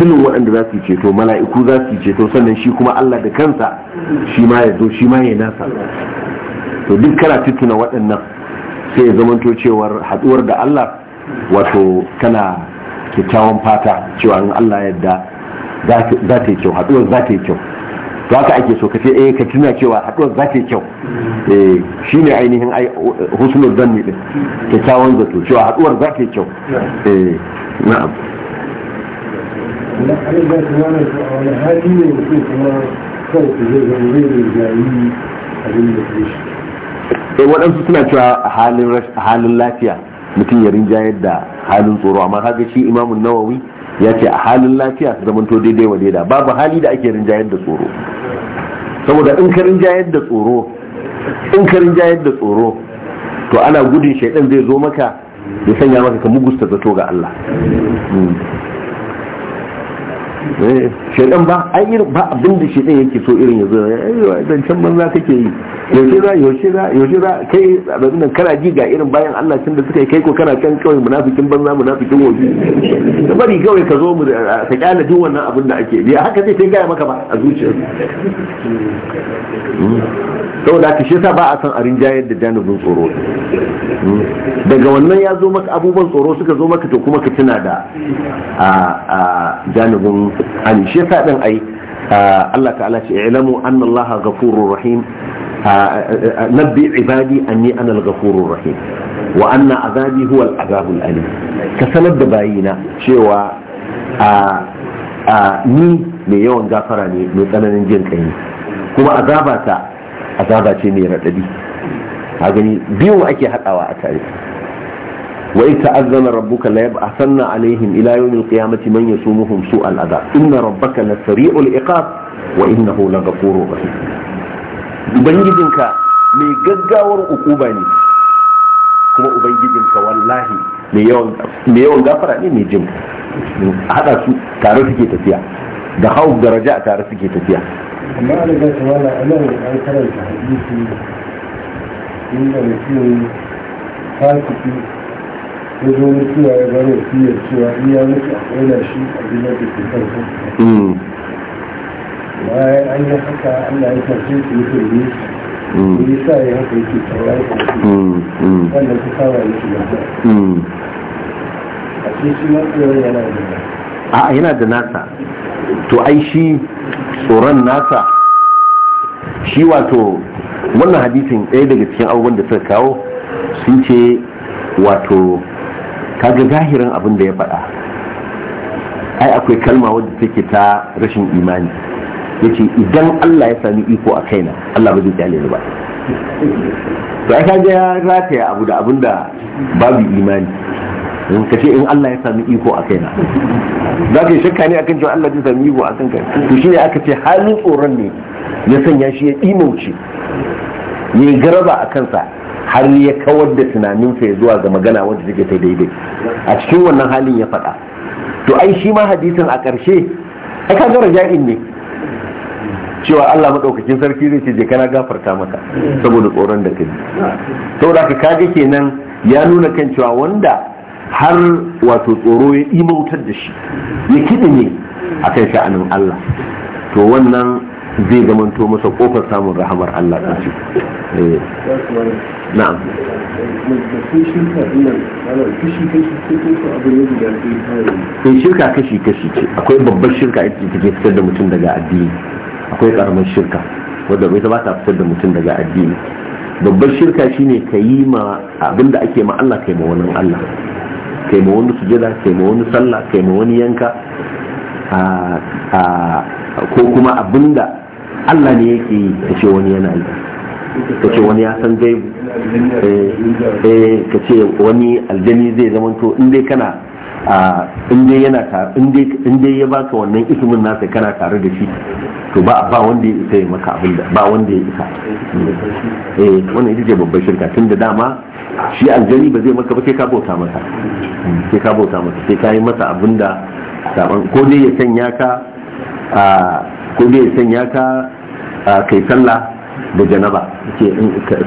mutumin waɗanda za su yi ceto mala'iku za su yi ceto sannan shi kuma Allah da kansa shi ma ya zo shi ma ya nasa to duk kana tituna waɗannan sai ya zamanto cewar haɗuwar da Allah wato kana kyakkyawan fata cewa in Allah yadda za ta yi kyau haɗuwar za ta yi kyau to haka ake so ka ce eh ka tuna cewa haɗuwar za ta yi kyau eh shine ainihin husnul zanni din kyakkyawan zato cewa haɗuwar za ta yi kyau eh na'am na arzar kuma na wani hali ne ko kuma kawai ku zai zama zai zai abin da ke shi sai waɗansu suna cewa halin lafiya mutum ya rinjayar da halin tsoro amma haka shi imamun nawawi ya ce a halin lafiya su zamanto daidai wa daida babu hali da ake rinjayar da tsoro saboda in ka rinjayar da tsoro in ka rinjayar da tsoro to ana gudun shaidan zai zo maka ya sanya maka ka mugusta zato ga Allah hmm. Eh, shaidan ba ai irin ba abin da shaidan yake so irin yanzu zancen banza kake yi yaushe za yaushe za yaushe za kai abin nan kana ji ga irin bayan Allah tun da suka yi kai ko kana kan kawai munafikin banza munafikin wofi da bari kawai ka zo mu ka kyala duk wannan abin da ake biya haka zai kai gaya maka ba a zuciyar hmm. saboda ka shi yasa ba a san a rinjayar da janibin tsoro hmm. daga wannan ya zo maka abubuwan tsoro suka zo maka to kuma ka tuna da a janibin ani shi yasa din ai Allah ta'ala ce ilamu anna Allah ghafurur rahim nabbi ibadi anni ana al-ghafurur rahim wa anna azabi huwa al-azabul alim ka sanar da bayina cewa ni mai yawan gafara ne mai tsananin jin kai kuma azabata azaba ce mai radadi a gani biyu ake hadawa a tare وإذ تأذن ربك لا يبعثن عليهم إلى يوم القيامة من يسومهم سوء العذاب إن ربك لسريع العقاب وإنه لغفور رحيم ubangijinka mai gaggawar ukuba ne kuma ubangijinka wallahi mai yawan gafara ne mai jin a haɗa su suke tafiya da hau suke tafiya amma an ga shi an karanta ya zo mutuwa ya bar wasiyar cewa in ya mutu a ƙona shi a gina da ke kan bayan an yi haka allah ya tafi su mutu da nisa ya sa ya haka yake tsawaye kwanci wanda ta saba ya shi mata a ce shi matsayar yana da a yana da nasa to ai shi tsoron nasa shi wato wannan hadisin ɗaya daga cikin abubuwan da suka kawo sun ce wato kaga zahirin abin da ya faɗa ai akwai kalma wadda take ta rashin imani yace idan Allah ya sami iko a kaina Allah ba zai kyale ni ba to ai kaga ya rataya abu da abin da babu imani in kace in Allah ya sami iko a kaina za ka yi shakka ne akan cewa Allah zai sami iko a kanka to shine aka ce halin tsoron ne ya sanya shi ya imauce ya garaba a kansa har ya kawar da tunaninsa ya zuwa ga magana wanda take ta daidai a cikin wannan halin ya faɗa to ai shi ma hadisin a ƙarshe ai ka gara ja'in ne cewa Allah maɗaukakin sarki zai ce je kana gafarta maka saboda tsoron da kai da ka kaga kenan ya nuna kan cewa wanda har wato tsoro ya imautar da shi ya kiɗi ne a akan sha'anin Allah to wannan zai zamanto masa kofar samun rahamar Allah ta ce eh. na'am Kai shirka kashi kashi ce akwai babbar shirka ita take fitar da mutum daga addini akwai karamar shirka wadda bai ba ta fitar da mutum daga addini babbar shirka shine ka yi ma abinda ake ma Allah kai ma wani Allah kai ma wani sujada kai ma wani sallah kai ma wani yanka ko kuma abinda Allah ne yake yi ta ce wani yana yi ta ce wani ya san zai, eh, eh, ka ce wani aljani zai zamanto to dai kana in dai yana tare inda dai ya baka wannan ismin nasa kana tare da shi to ba ba wanda ya isa ya maka abin da ba wanda ya isa eh wannan ita ce babbar shirka tun da dama shi aljani ba zai maka ba sai ka bauta masa sai ka bauta masa sai ka yi masa abin da ko dai ya sanya ka ko san sanya ka kai sallah da janaba ce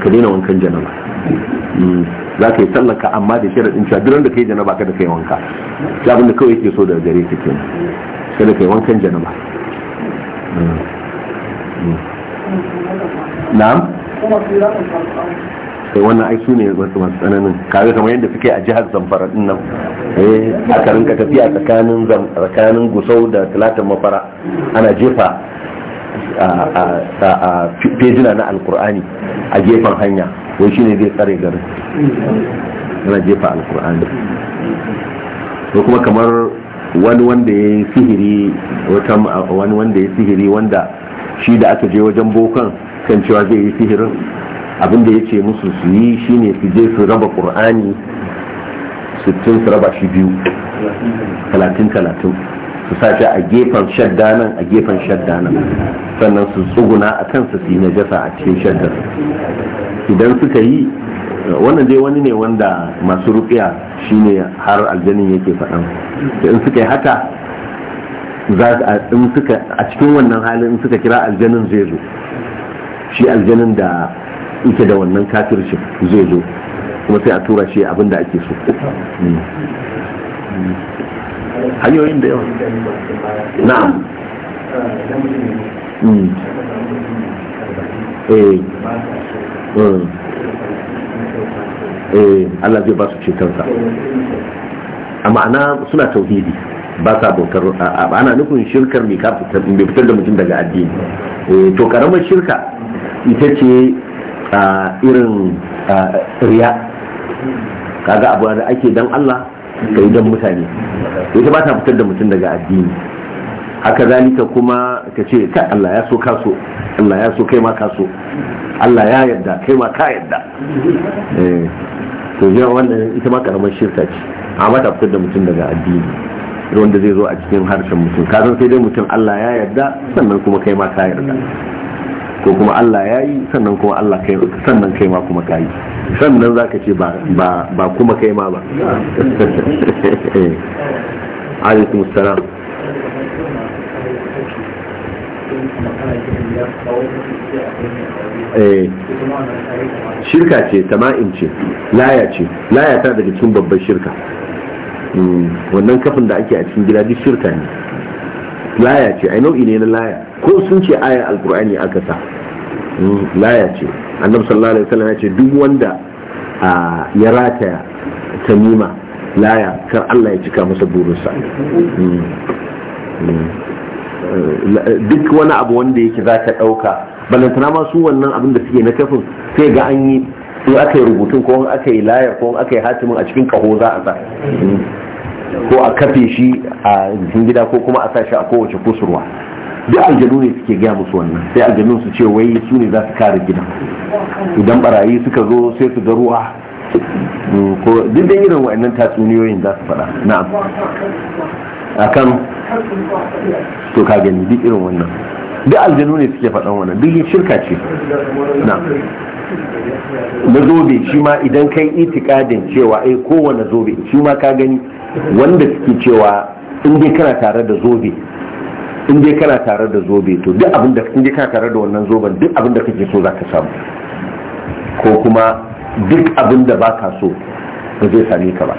ka daina wankan janaba mm. za ka yi sallah ka amma da shirin cewa duk da ka yi janaba kada kai yi wanka shi abin da kawai ke so da gare ka kenan kada ka yi wankan janaba mm. Mm. na'am sai wannan ai sune wasu masu tsananin kaga kamar yadda suke a jihar zamfara din nan eh aka rinka tafiya tsakanin tsakanin gusau da talatin mafara ana jefa a pejina na alkur'ani a gefen hanya wai shine zai tsare garin ana jefa alkur'ani ko kuma kamar wani wanda ya yi sihiri wani wanda ya sihiri wanda shi da aka je wajen bokan kan cewa zai yi sihirin abinda ya ce musu su yi shine su je su raba ƙur'ani sittin su raba shi biyu talatin talatin su sace a gefen shadda nan a gefen shadda nan sannan su tsuguna a kansa su yi najasa a cikin shadda idan suka yi wannan dai wani ne wanda masu rukiya shine har aljanin yake faɗan in suka yi haka a cikin wannan halin in suka kira aljanin zai zo shi aljanin da ita da wannan kafircin zai zo kuma sai a tura shi abin da ake so hanyoyin da yawa na'am eh, eh. eh. Allah zai ba su cetonsa a ma'ana suna tauhidi ba sa bautar ana nufin shirkar mai fitar da mutum daga addini eh, to karamar shirka ita ce irin riya kaga abu da ake dan Allah ka yi dan mutane ita ba ta fitar da mutum daga addini haka zalika kuma ka ce ka Allah ya so ka so Allah ya so kai ma ka so Allah ya yarda kai ma ka yarda eh, to jiya wannan ita ma karamar shirka ce amma ta fitar da mutum daga addini wanda zai zo a cikin harshen mutum ka san sai dai mutum Allah ya yarda sannan kuma kai ma ka yarda ko kuma Allah ya yi sannan kuma Allah kai sannan kai ma kuma kai sannan zaka ce ba ba kuma kai ma ba alaikum salam eh, shirka ce tama'in ce laya ce laya ta daga cikin babbar shirka hmm, wannan kafin da ake a cikin gida duk shirka ne laya ce ai nau'i ne na laya ko sun ce aya alkur'ani aka sa hmm, laya ce annabi sallallahu alaihi wasallam ya ce duk wanda ya rata tamima laya kar Allah ya cika masa burinsa hmm, hmm. duk wani abu wanda yake za ta ɗauka balantana ma su wannan abin da suke na kafin sai ga an yi in aka yi rubutun ko aka yi layar ko aka yi hatimin a cikin kaho za a sa ko a kafe shi a jikin gida ko kuma a sashi a kowace kusurwa duk aljanu ne suke gaya musu wannan sai aljanun su ce wai su ne za su kare gidan idan barayi suka zo sai su ga ruwa ko duk da irin wa'annan tatsuniyoyin za su faɗa na'am akan to ka gani duk irin wannan duk aljanu ne suke faɗan wannan duk shirka ce na na zobe shi ma idan kai itikadin cewa ai eh, kowane zobe shi ma ka gani wanda suke cewa in dai kana tare da zobe in dai kana tare da zobe to duk abin da in dai kana tare da wannan zoben duk abin da kake so zaka samu ko kuma duk abin da baka so ba zai same ka ba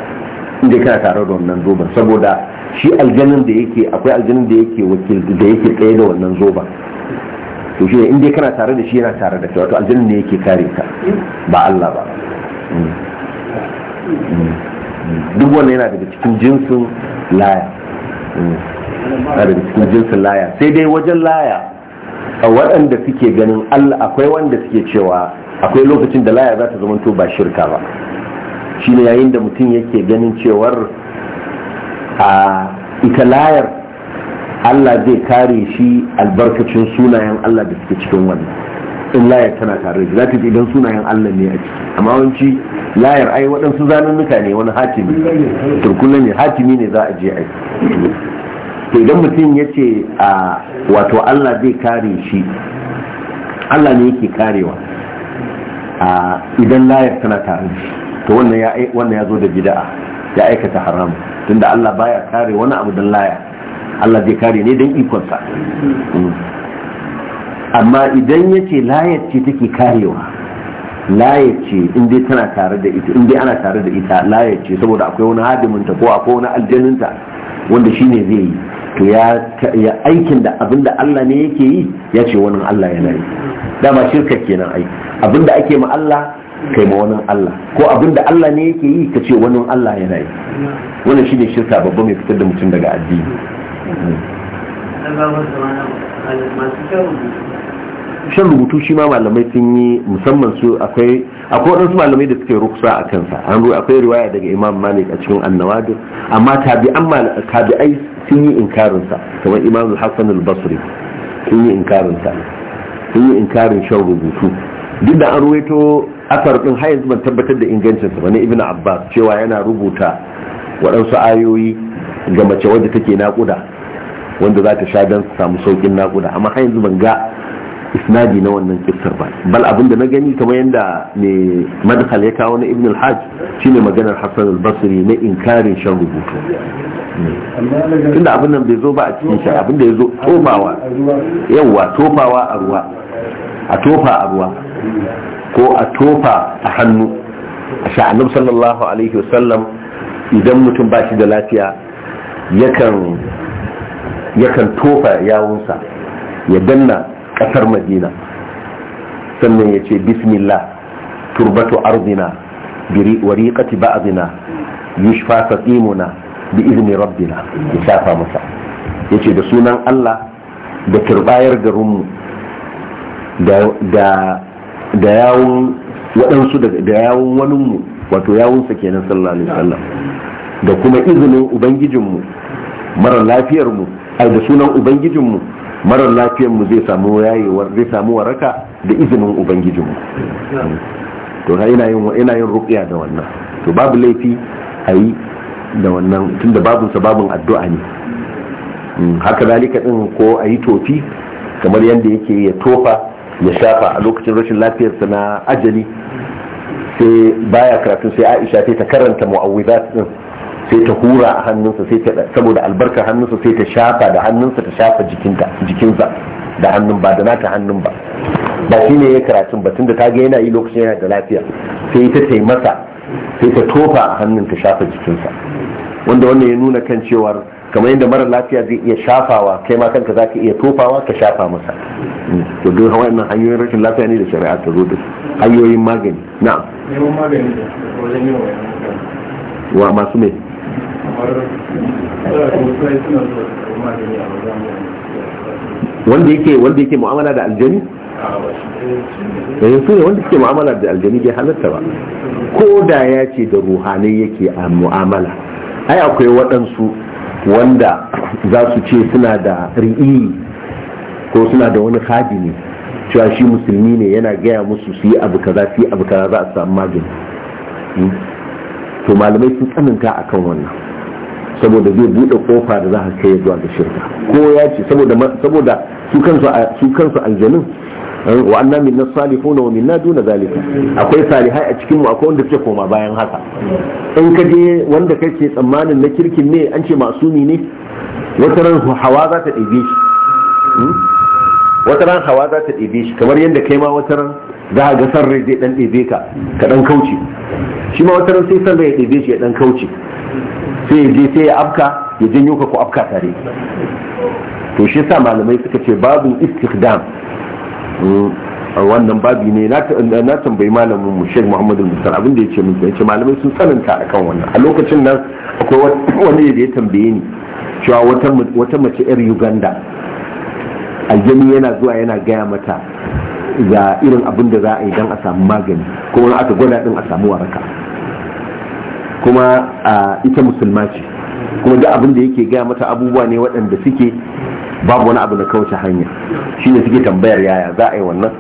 in dai kana tare da wannan zoben saboda shi aljanin da yake akwai aljanin da yake wakil da yake tsaye da wannan zoben to shi in dai kana tare da shi yana tare da kai wato aljanin ne yake kare ka ba Allah ba mm. Mm. duk wanda yana daga cikin jinsin laya daga cikin jinsin laya sai dai wajen laya a waɗanda suke ganin allah akwai wanda suke cewa akwai lokacin da laya za ta zama to ba shirka ba shine yayin da mutum yake ganin cewar a ita layar allah zai kare shi albarkacin sunayen allah da suke cikin wannan in layar tana tare da za ta ji idan sunayen Allah ne a ciki amma wanci layar ai waɗansu zanunnuka ne wani hatimi turkulla ne hatimi ne za a je a to idan mutum ya ce a wato Allah zai kare shi Allah ne yake karewa a idan layar tana tare da shi to wannan ya wannan ya zo da bid'a ya aikata haram tunda Allah baya kare wani abu dan layar, Allah zai kare ne dan ikonsa mm. amma idan ya ce layar ce take karewa layar ce inda tana tare da ita inda ana tare da ita layar ce saboda akwai wani ta ko akwai wani aljaninta wanda shine zai yi to ya aikin da abinda Allah ne yake yi ya ce wani Allah yana yi dama shirka kenan ai abinda ake ma Allah kai ma wani Allah ko abinda Allah ne yake yi ka ce wani Allah yana yi wannan shine shirka babba mai fitar da mutum daga addini shan rubutu shi ma malamai sun yi musamman su akwai akwai waɗansu malamai da suke ruksa a kansa an ruwa akwai riwaya daga imam malik a cikin annawadu amma tabi'ai sun yi karinsa, kamar imam hassan al-basri sun yi inkarinsa sun yi inkarin shan rubutu duk da an ruwaito asar din har yanzu ban tabbatar da ingancinsa wani ibn abbas cewa yana rubuta waɗansu ayoyi ga mace wadda take naƙuda wanda za ta sha don samu saukin naƙuda amma har yanzu ban ga isnadi na wannan kissar ba bal abin da na gani kamar yadda ne madkhal ya kawo na ibn al-hajj shine maganar hasan al-basri na inkarin shan rubutu tunda abin nan bai zo ba a cikin shi abin da ya zo tofawa yawa tofawa a ruwa a tofa a ruwa ko a tofa a hannu a sha'anab sallallahu alaihi wasallam idan mutum ba shi da lafiya yakan yakan tofa yawunsa ya danna ƙasar madina sannan ya ce bismillah turbatu arzina wariƙati ba'azina yushfa fatimuna bi izini rabbina ya shafa masa ya ce da sunan allah da turbayar garinmu da yawun waɗansu da yawun waninmu wato yawunsa kenan sallallahu alaihi wasallam da kuma izinin ubangijinmu mara lafiyarmu ai da sunan ubangijinmu marar lafiyar mu zai samu yayewar zai samu waraka da izinin ubangijinmu to ha ina yin ina yin ruqya da wannan to babu laifi ayi da wannan tunda babun sababin addu'a ne mm, haka zalika din ko ayi tofi kamar yadda yake ya tofa ya shafa a lokacin rashin lafiyarsa na ajali sai baya karatu sai Aisha ta karanta mu'awwidat din sai ta hura a hannunsa sai ta saboda albarka hannunsa sai ta shafa da hannunsa ta shafa jikinta jikinsa da hannun ba da nata hannun ba ba shi ne ya karatun ba tunda ta ga yana yi lokacin yana da lafiya sai ta yi masa sai ta tofa a hannun ta shafa jikinsa wanda wannan ya nuna kan cewar kamar yadda mara lafiya zai iya shafawa kai ma kanka zaka iya tofawa ka shafa masa to duk wannan hanyoyin rashin lafiya ne da shari'a ta zo da hanyoyin magani na'am neman magani da wajen yin wa masu mai wanda yake wanda yake mu'amala da aljani da yanzu eh, ne wanda yake mu'amala da aljani bai halatta ba ko da ya ce da ruhanai yake a mu'amala ai akwai waɗansu wanda za su ce suna da ri'i ko suna da wani ne. cewa shi musulmi ne yana gaya musu su yi abu kaza su yi abu kaza za a samu magani hmm? to malamai sun tsananta akan wannan saboda zai bude kofa da za a kai zuwa ga shirka ko ya ce saboda su kansu aljanu kansu aljanun eh, wa anna minna salihuna wa minna duna zalika akwai salihai a cikin mu akwai wanda suke koma bayan haka in ka je wanda kake tsammanin na kirkin ne an ce masumi ne wata ran hawa za ta ɗebe shi hmm? wata ran hawa za ta ɗebe shi kamar yadda kai ma wata ran za a ga san rai zai ɗan ɗebe ka ka ɗan kauce shi ma wata ran sai san rai ya ɗebe shi ya ɗan kauce sai ya je sai ya afka ya janyo ka ku afka tare to shi yasa malamai suka ce babu istikdam mm, wannan babi ne na tambayi malamin mu Sheikh Muhammad Musa abin da yace mun ce malamai sun tsananta akan wannan a lokacin nan akwai wani da ya tambaye ni cewa wata mace yar Uganda aljami yana zuwa yana gaya mata ga irin abin da za a yi don a samu magani kuma aka gwada din a samu waraka kuma a ita musulma ce kuma duk abin da yake gaya mata abubuwa ne waɗanda suke babu wani abu na kawace hanya shi ne suke tambayar yaya za a yi wannan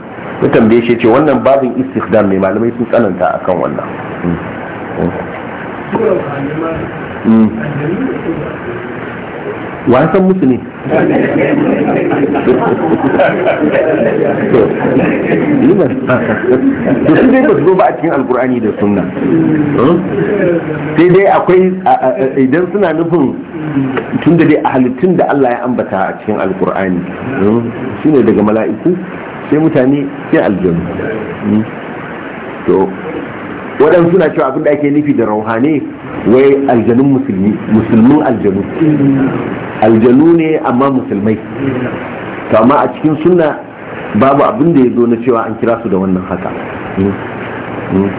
ta tambaye shi ce wannan babin istikdam mai malamai sun tsananta a kan wannan hmm. Hmm. Hmm. wa san musu ne da su dai ba su zo ba a cikin alkur'ani da sunna hmm? sai dai akwai idan suna nufin tun da dai a halittun da Allah ya ambata a cikin alkur'ani hmm? ne daga mala'iku sai mutane sai aljanu hmm? waɗansu suna cewa abin da ake nufi da rauhane wai aljanun musulmi musulmin aljanu aljanu ne amma musulmai to amma a cikin sunna babu abin da ya zo na cewa an kira su da wannan haka hmm. Hmm.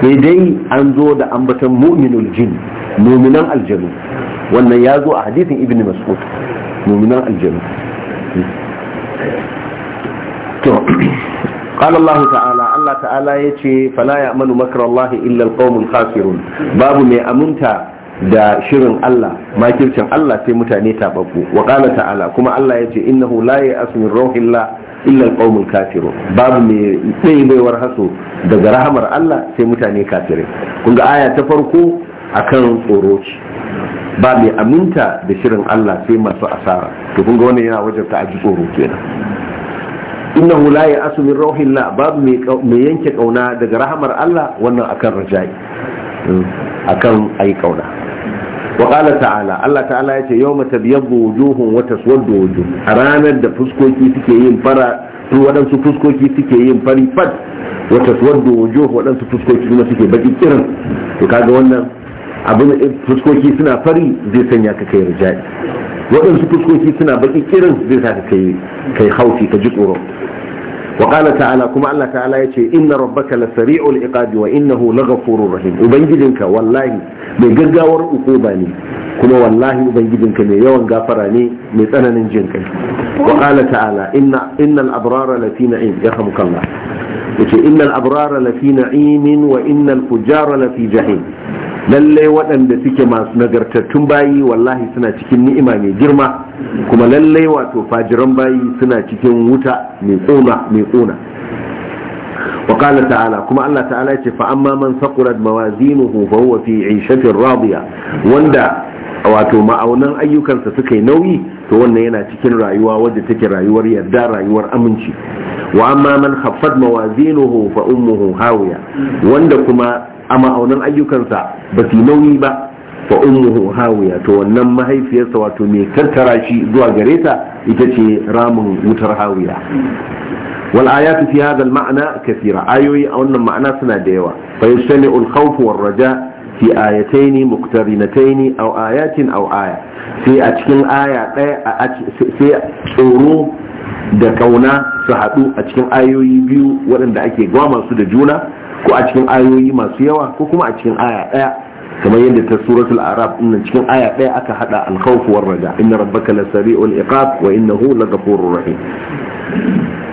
sai dai an zo da ambatan mu'minul jin muminan aljanu wannan ya zo a hadisin ibn mas'ud muminan aljanu hmm. to قال الله تعالى الله تعالى يتي فلا يأمن مكر الله إلا القوم الخاسرون باب ما أمنت da shirin Allah makircin Allah sai mutane tababbu wa qala ta'ala kuma Allah yace innahu la ya'asu min rauhillah illa kaumin kafirun babu mai tsayi baiwar haso daga rahamar Allah sai mutane kafirai kun ga aya ta farko a kan ce ba mai aminta da shirin Allah sai masu asara to kun ga wannan yana wajen a ji tsoro kenan innahu la ya'asu min rauhillah babu mai yanke kauna daga rahamar Allah wannan akan rajai mm, akan ayi kauna wa qala ta'ala Allah ta'ala yace yawma tabyaddu wujuhun wa taswaddu wujuh a ranar da fuskoki suke yin fara su wadansu fuskoki suke yin fari fat wa taswaddu wujuh wadansu fuskoki kuma suke baki kirin to kaga wannan abin fuskoki suna fari zai sanya ka kai rijali waɗansu fuskoki suna baki kirin zai sa ka kai haufi ka ji tsoro wa ta'ala kuma Allah ta'ala yace inna rabbaka la sari'ul iqabi wa innahu laghafurur rahim ubangijinka wallahi mai gaggawar ukuba ne kuma wallahi ubangijinka mai yawan gafara ne mai tsananin jin kai wa qala ta'ala inna innal abrara la fi na'im yarhamukallah yace innal abrara la fi na'im wa innal fujara la fi jahim lallai waɗanda suke masu nagartattun bayi wallahi suna cikin ni'ima mai girma kuma lallai wato fajiran bayi suna cikin wuta mai tsona mai tsona وقال تعالى كما الله تعالى فأما من ثقلت موازينه فهو في عيشة راضية wanda wato ma'aunan ayyukansa suka yi nauyi to wannan yana cikin rayuwa wadda take rayuwar yadda rayuwar aminci wa amma man khaffat mawazinuhu fa ummuhu hawiya wanda kuma a ma'aunan ayyukansa ba su nauyi ba fa ummuhu hawiya to wannan mahaifiyarsa wato mai tattara shi zuwa gare ta ita ce ramin wutar hawiya wal ayatu fi hadha al ma'na kathira ayoyi a wannan ma'ana suna da yawa fa yastami'u al khawf war raja fi ayatayn muqtarinatayn aw ayatin aw aya sai a cikin aya sai tsoro da kauna su haɗu a cikin ayoyi biyu waɗanda ake gwama su da juna ko a cikin ayoyi masu yawa ko kuma a cikin aya ɗaya kamar yadda ta suratul arab inna cikin aya ɗaya aka haɗa alkhawf war raja inna rabbaka lasari'ul iqab wa innahu laghafurur rahim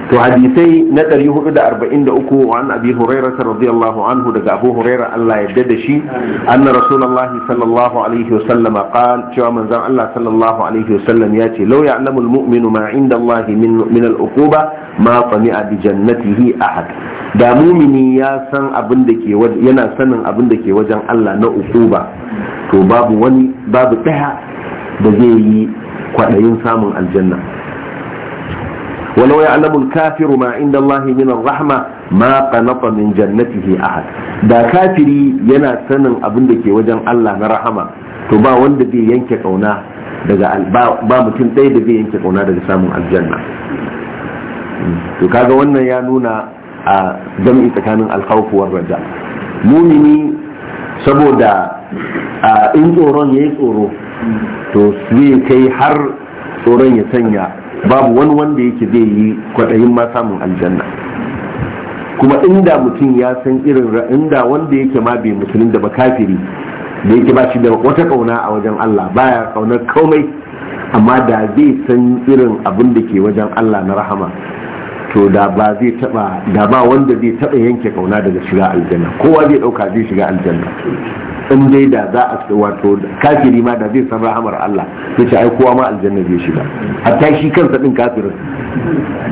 to hadisai na 443 wa an abi hurairah radiyallahu anhu daga abu hurairah Allah ya da shi anna rasulullah sallallahu alaihi wa sallam qal cewa manzon Allah sallallahu alaihi wa sallam ya ce law ya'lamu almu'minu ma inda Allah min min al ma qani'a bi jannatihi ahad da mumini ya san abin da ke yana sanin abin da ke wajen Allah na uquba to babu wani babu daya da zai yi kwadayin samun aljanna walau ya alamul kafiru ma inda Allah min rahma ma qanata min jannatihi ahad da kafiri yana sanin abin da ke wajen Allah na rahama to ba wanda zai yanke kauna daga ba mutum ɗaya da zai yanke kauna daga samun aljanna to kaga wannan ya nuna a jam'i tsakanin alkhawfuwar raja mumini saboda in tsoron ya tsoro to zai kai har tsoron ya sanya babu wani wanda yake zai yi kwaɗayin ma samun aljanna kuma inda mutum ya san irin inda wanda yake ma bai musulun da ba kafiri da yake ba shi da wata kauna a wajen Allah baya kaunar komai amma da zai san irin abin da ke wajen Allah na rahama to da ba zai taba da ba wanda zai taba yanke kauna daga shiga aljanna kowa zai dauka zai shiga aljanna in dai da za a wato kafiri ma da zai san rahamar Allah ya ce ai kowa ma aljanna zai shiga hatta shi kansa din kafirin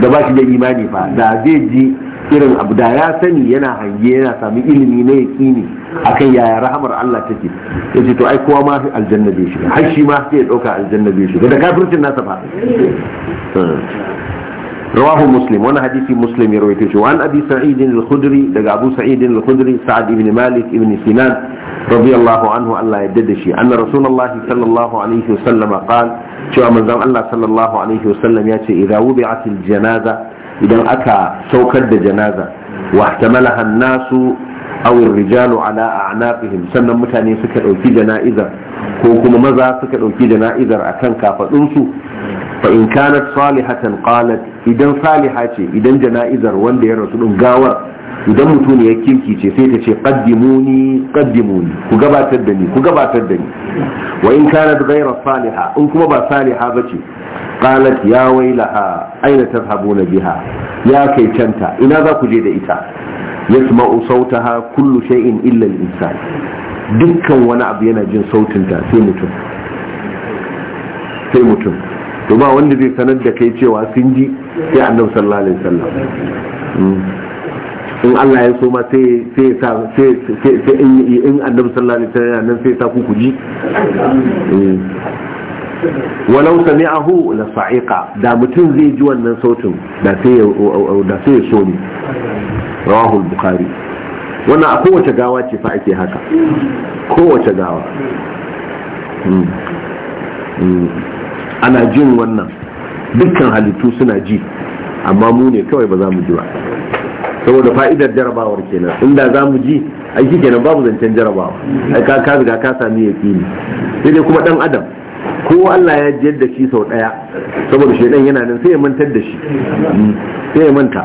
da ba shi da imani fa da zai ji irin abu da ya sani yana hange yana sami ilimi na yakini akan yaya rahamar Allah take ya ce to ai kowa ma aljanna zai shiga har shi ma sai ya dauka aljanna zai shiga da kafircin nasa fa hmm. rawahu muslim wani hadisi muslim ya rawaito shi wa'an abi sa'idin al daga abu sa'idin al sa'ad ibn malik ibn sinan radiyallahu anhu Allah ya dada shi anna rasulullahi sallallahu alaihi wa sallam qal cewa manzon Allah sallallahu alaihi wa sallam ya ce idza wubi'at al-janaza idan aka saukar da janaza wa ihtamalaha awin rijalu ala a'naqihim sannan mutane suka ɗauki jana'izar ko kuma maza suka ɗauki jana'izar akan kafaɗinsu fa in kanat salihatan qalat idan saliha ce idan jana'izar wanda ya rasu ɗin gawar idan mutum ya kirki sai ta ce qaddimuni qaddimuni ku gabatar da ni ku gabatar da ni wa in kana ghayra saliha in kuma ba ba bace qalat ya wailaha aina tadhhabuna biha ya kai canta ina za ku je da ita yasma'u sautaha kullu shay'in illa al-insan dukkan wani abu yana jin sautin ta sai mutum sai mutum to ba wanda zai sanar da kai cewa sun ji sai annabi sallallahu alaihi wasallam hmm. in Allah ya so ma sai sai sa sai sai in annabi sallallahu alaihi wasallam nan sai sa ku kuji eh. walau sami'ahu la sa'iqa da mutum zai ji wannan sautin da sai da sai so ne rawahu al-bukhari wannan a kowace gawa ce fa ake haka kowace gawa hmm. Hmm. ana jin wannan dukkan halittu suna ji amma mu ne kawai ba za mu ji ba saboda fa'idar jarabawar kenan inda za mu ji aiki kenan babu zancen jarabawa ai ka ka riga ka sami yaƙini sai dai kuma dan adam ko Allah ya jiyar da shi sau daya saboda shaidan yana nan sai ya mantar da shi hmm. sai ya manta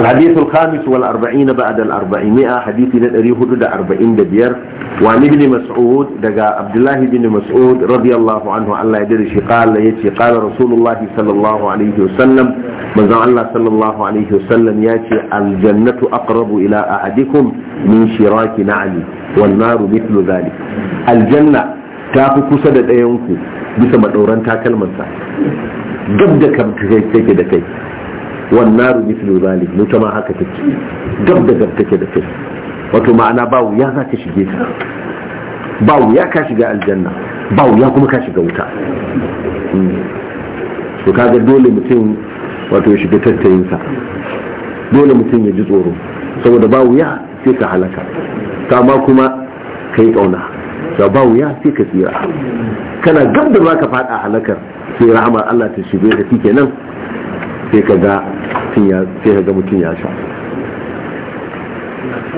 الحديث الخامس والأربعين بعد الأربعمائة حديث نتري دا أربعين دبير وعن ابن مسعود دقى عبد الله بن مسعود رضي الله عنه الله يدري قال يتي قال رسول الله صلى الله عليه وسلم من الله صلى الله عليه وسلم ياتي الجنة أقرب إلى أحدكم من شراك نعلي والنار مثل ذلك الجنة تاكو كسد أيونكو بسم الأوران تاكل منسا قبل كم تكي تكي Wannan naru mislu zalik wuta ma haka take gab da gab take da kai wato ma'ana ba wuya za ka shige ta ba wuya ka shiga aljanna ba wuya kuma ka shiga wuta Ka ga dole mutum wato ya shiga tattayinsa dole mutum ya ji tsoro saboda ba wuya sai ka halaka kama kuma ka yi ƙauna da ba wuya sai ka tsira kana gab da za ka faɗa halakar sai rahama Allah ta shige ka nan sai ka ga mutum ya sha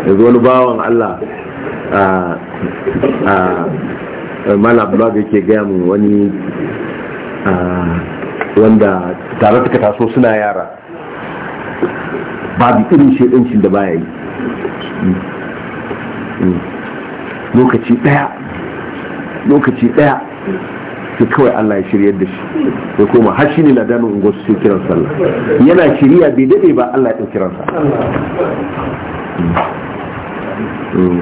yanzu wani bawan allah a da ke gaya mu wani wanda tare suka taso suna yara babu irin shaidancin da baya yi hmm. Hmm. lokaci ɗaya. sai kawai Allah ya shiryar da shi ya koma har shi ne ladanin ungo su sai kiran sallah yana shirya bai daɗe ba Allah ya kiran sallah hmm.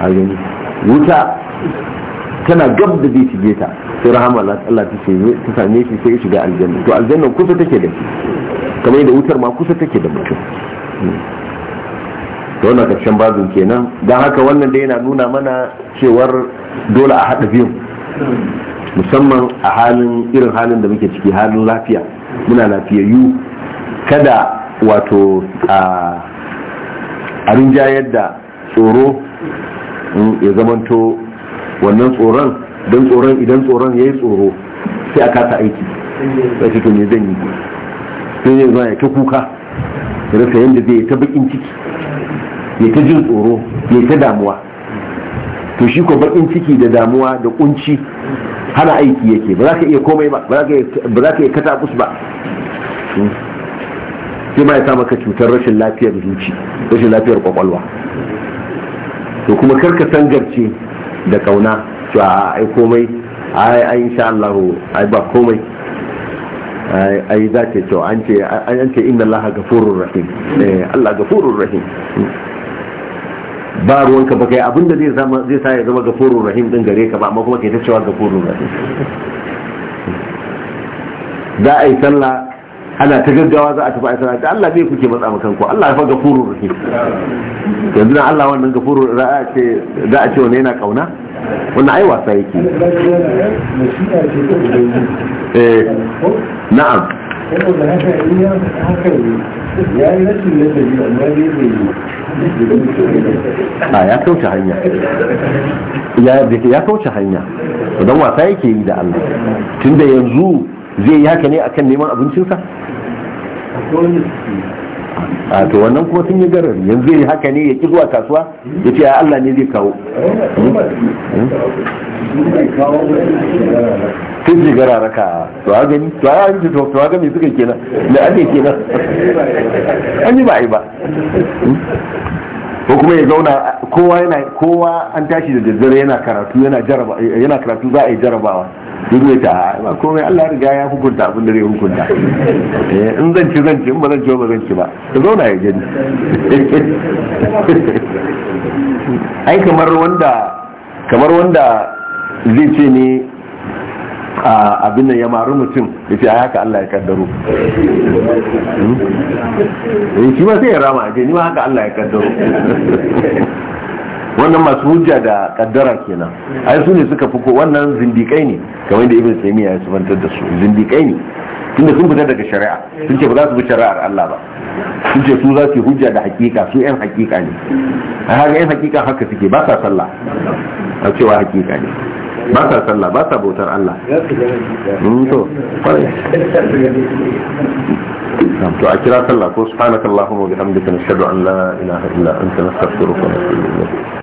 hmm. a wuta tana gab da zai shige ta sai rahama Allah ta same shi sai ya shiga aljanna to aljanna kusa take da shi kamar yadda wutar ma kusa take da mutum da hmm. wannan karshen bazin kenan don haka wannan da yana nuna mana cewar dole a haɗa biyun musamman a halin irin halin da muke ciki halin lafiya muna lafiyayyu kada wato a rinjayar da tsoro ya zamanto wannan tsoron don tsoron idan tsoron ya yi tsoro sai a kasa aiki sai cikin ne zan yi sai ne zuwa ya ta kuka ya rasa yadda zai ta bakin ciki ya ta jin tsoro ya ta damuwa to shi ko bakin ciki da damuwa da kunci hana aiki yake ba za ka iya komai ba ba za ka iya kusa ba sai ma ya sa maka cutar rashin lafiyar zuci rashin lafiyar kwakwalwa to kuma karka sangarce da kauna a ai komai ai ai insha Allah ai ba komai ai za ce to an ce inna eh, Allah gafurur rahim Allah gafurur rahim ba ruwanka ba kai abinda zai zai sa ya zama gafurur rahim din gare ka ba amma kuma kai ta cewa gafurur rahim za a yi sallah ana ta gaggawa za a tafi a sallah da Allah bai kuke matsa maka kanku Allah ya fa gafurur rahim yanzu na Allah wannan gafurur za a ce za a ce wani yana kauna wannan ai wasa yake eh na'am da haka in ya haka ne ya yi rashin ladabi amma dai bai a ya kauce hanya ya kauce hanya don wasa yake yi da Allah tunda yanzu zai yi haka ne akan neman abincinsa a to wannan kuma sun yi garar yanzu yi haka ne ya ki zuwa kasuwa ya ce Allah ne zai kawo sun ji gara raka to a gani to a gani to a gani suka kenan da ake kenan an yi ba a yi ba ko kuma ya zauna kowa yana kowa an tashi da daddare yana karatu yana jaraba yana karatu za a yi jarabawa duk ne ta ba komai Allah ya riga ya hukunta abin da zai hukunta eh, in zan ci zan ci in ba zan ci ba zan ci ba ka zauna ya gani ai kamar wanda kamar wanda zai ce ne abin nan ya maru mutum ya ce haka Allah ya kaddaro hmm? eh, shi ma sai ya rama ya ce ni ma haka Allah ya kaddaro wannan masu hujja da kaddara kenan ai su ne suka fuko wannan zindikai ne kamar da ibn taymiya ya subantar da su zindikai ne tunda sun fita daga shari'a sun ce ba za su bi shari'ar Allah ba sun ce su za su hujja da hakika su yan hakika ne a haka yan hakika haka suke ba sa sallah a cewa hakika ne ba sa sallah ba sa bautar Allah mm, to to a kira sallah ko subhanakallahumma wa bihamdika nashhadu an la ilaha illa anta nastaghfiruka wa natubu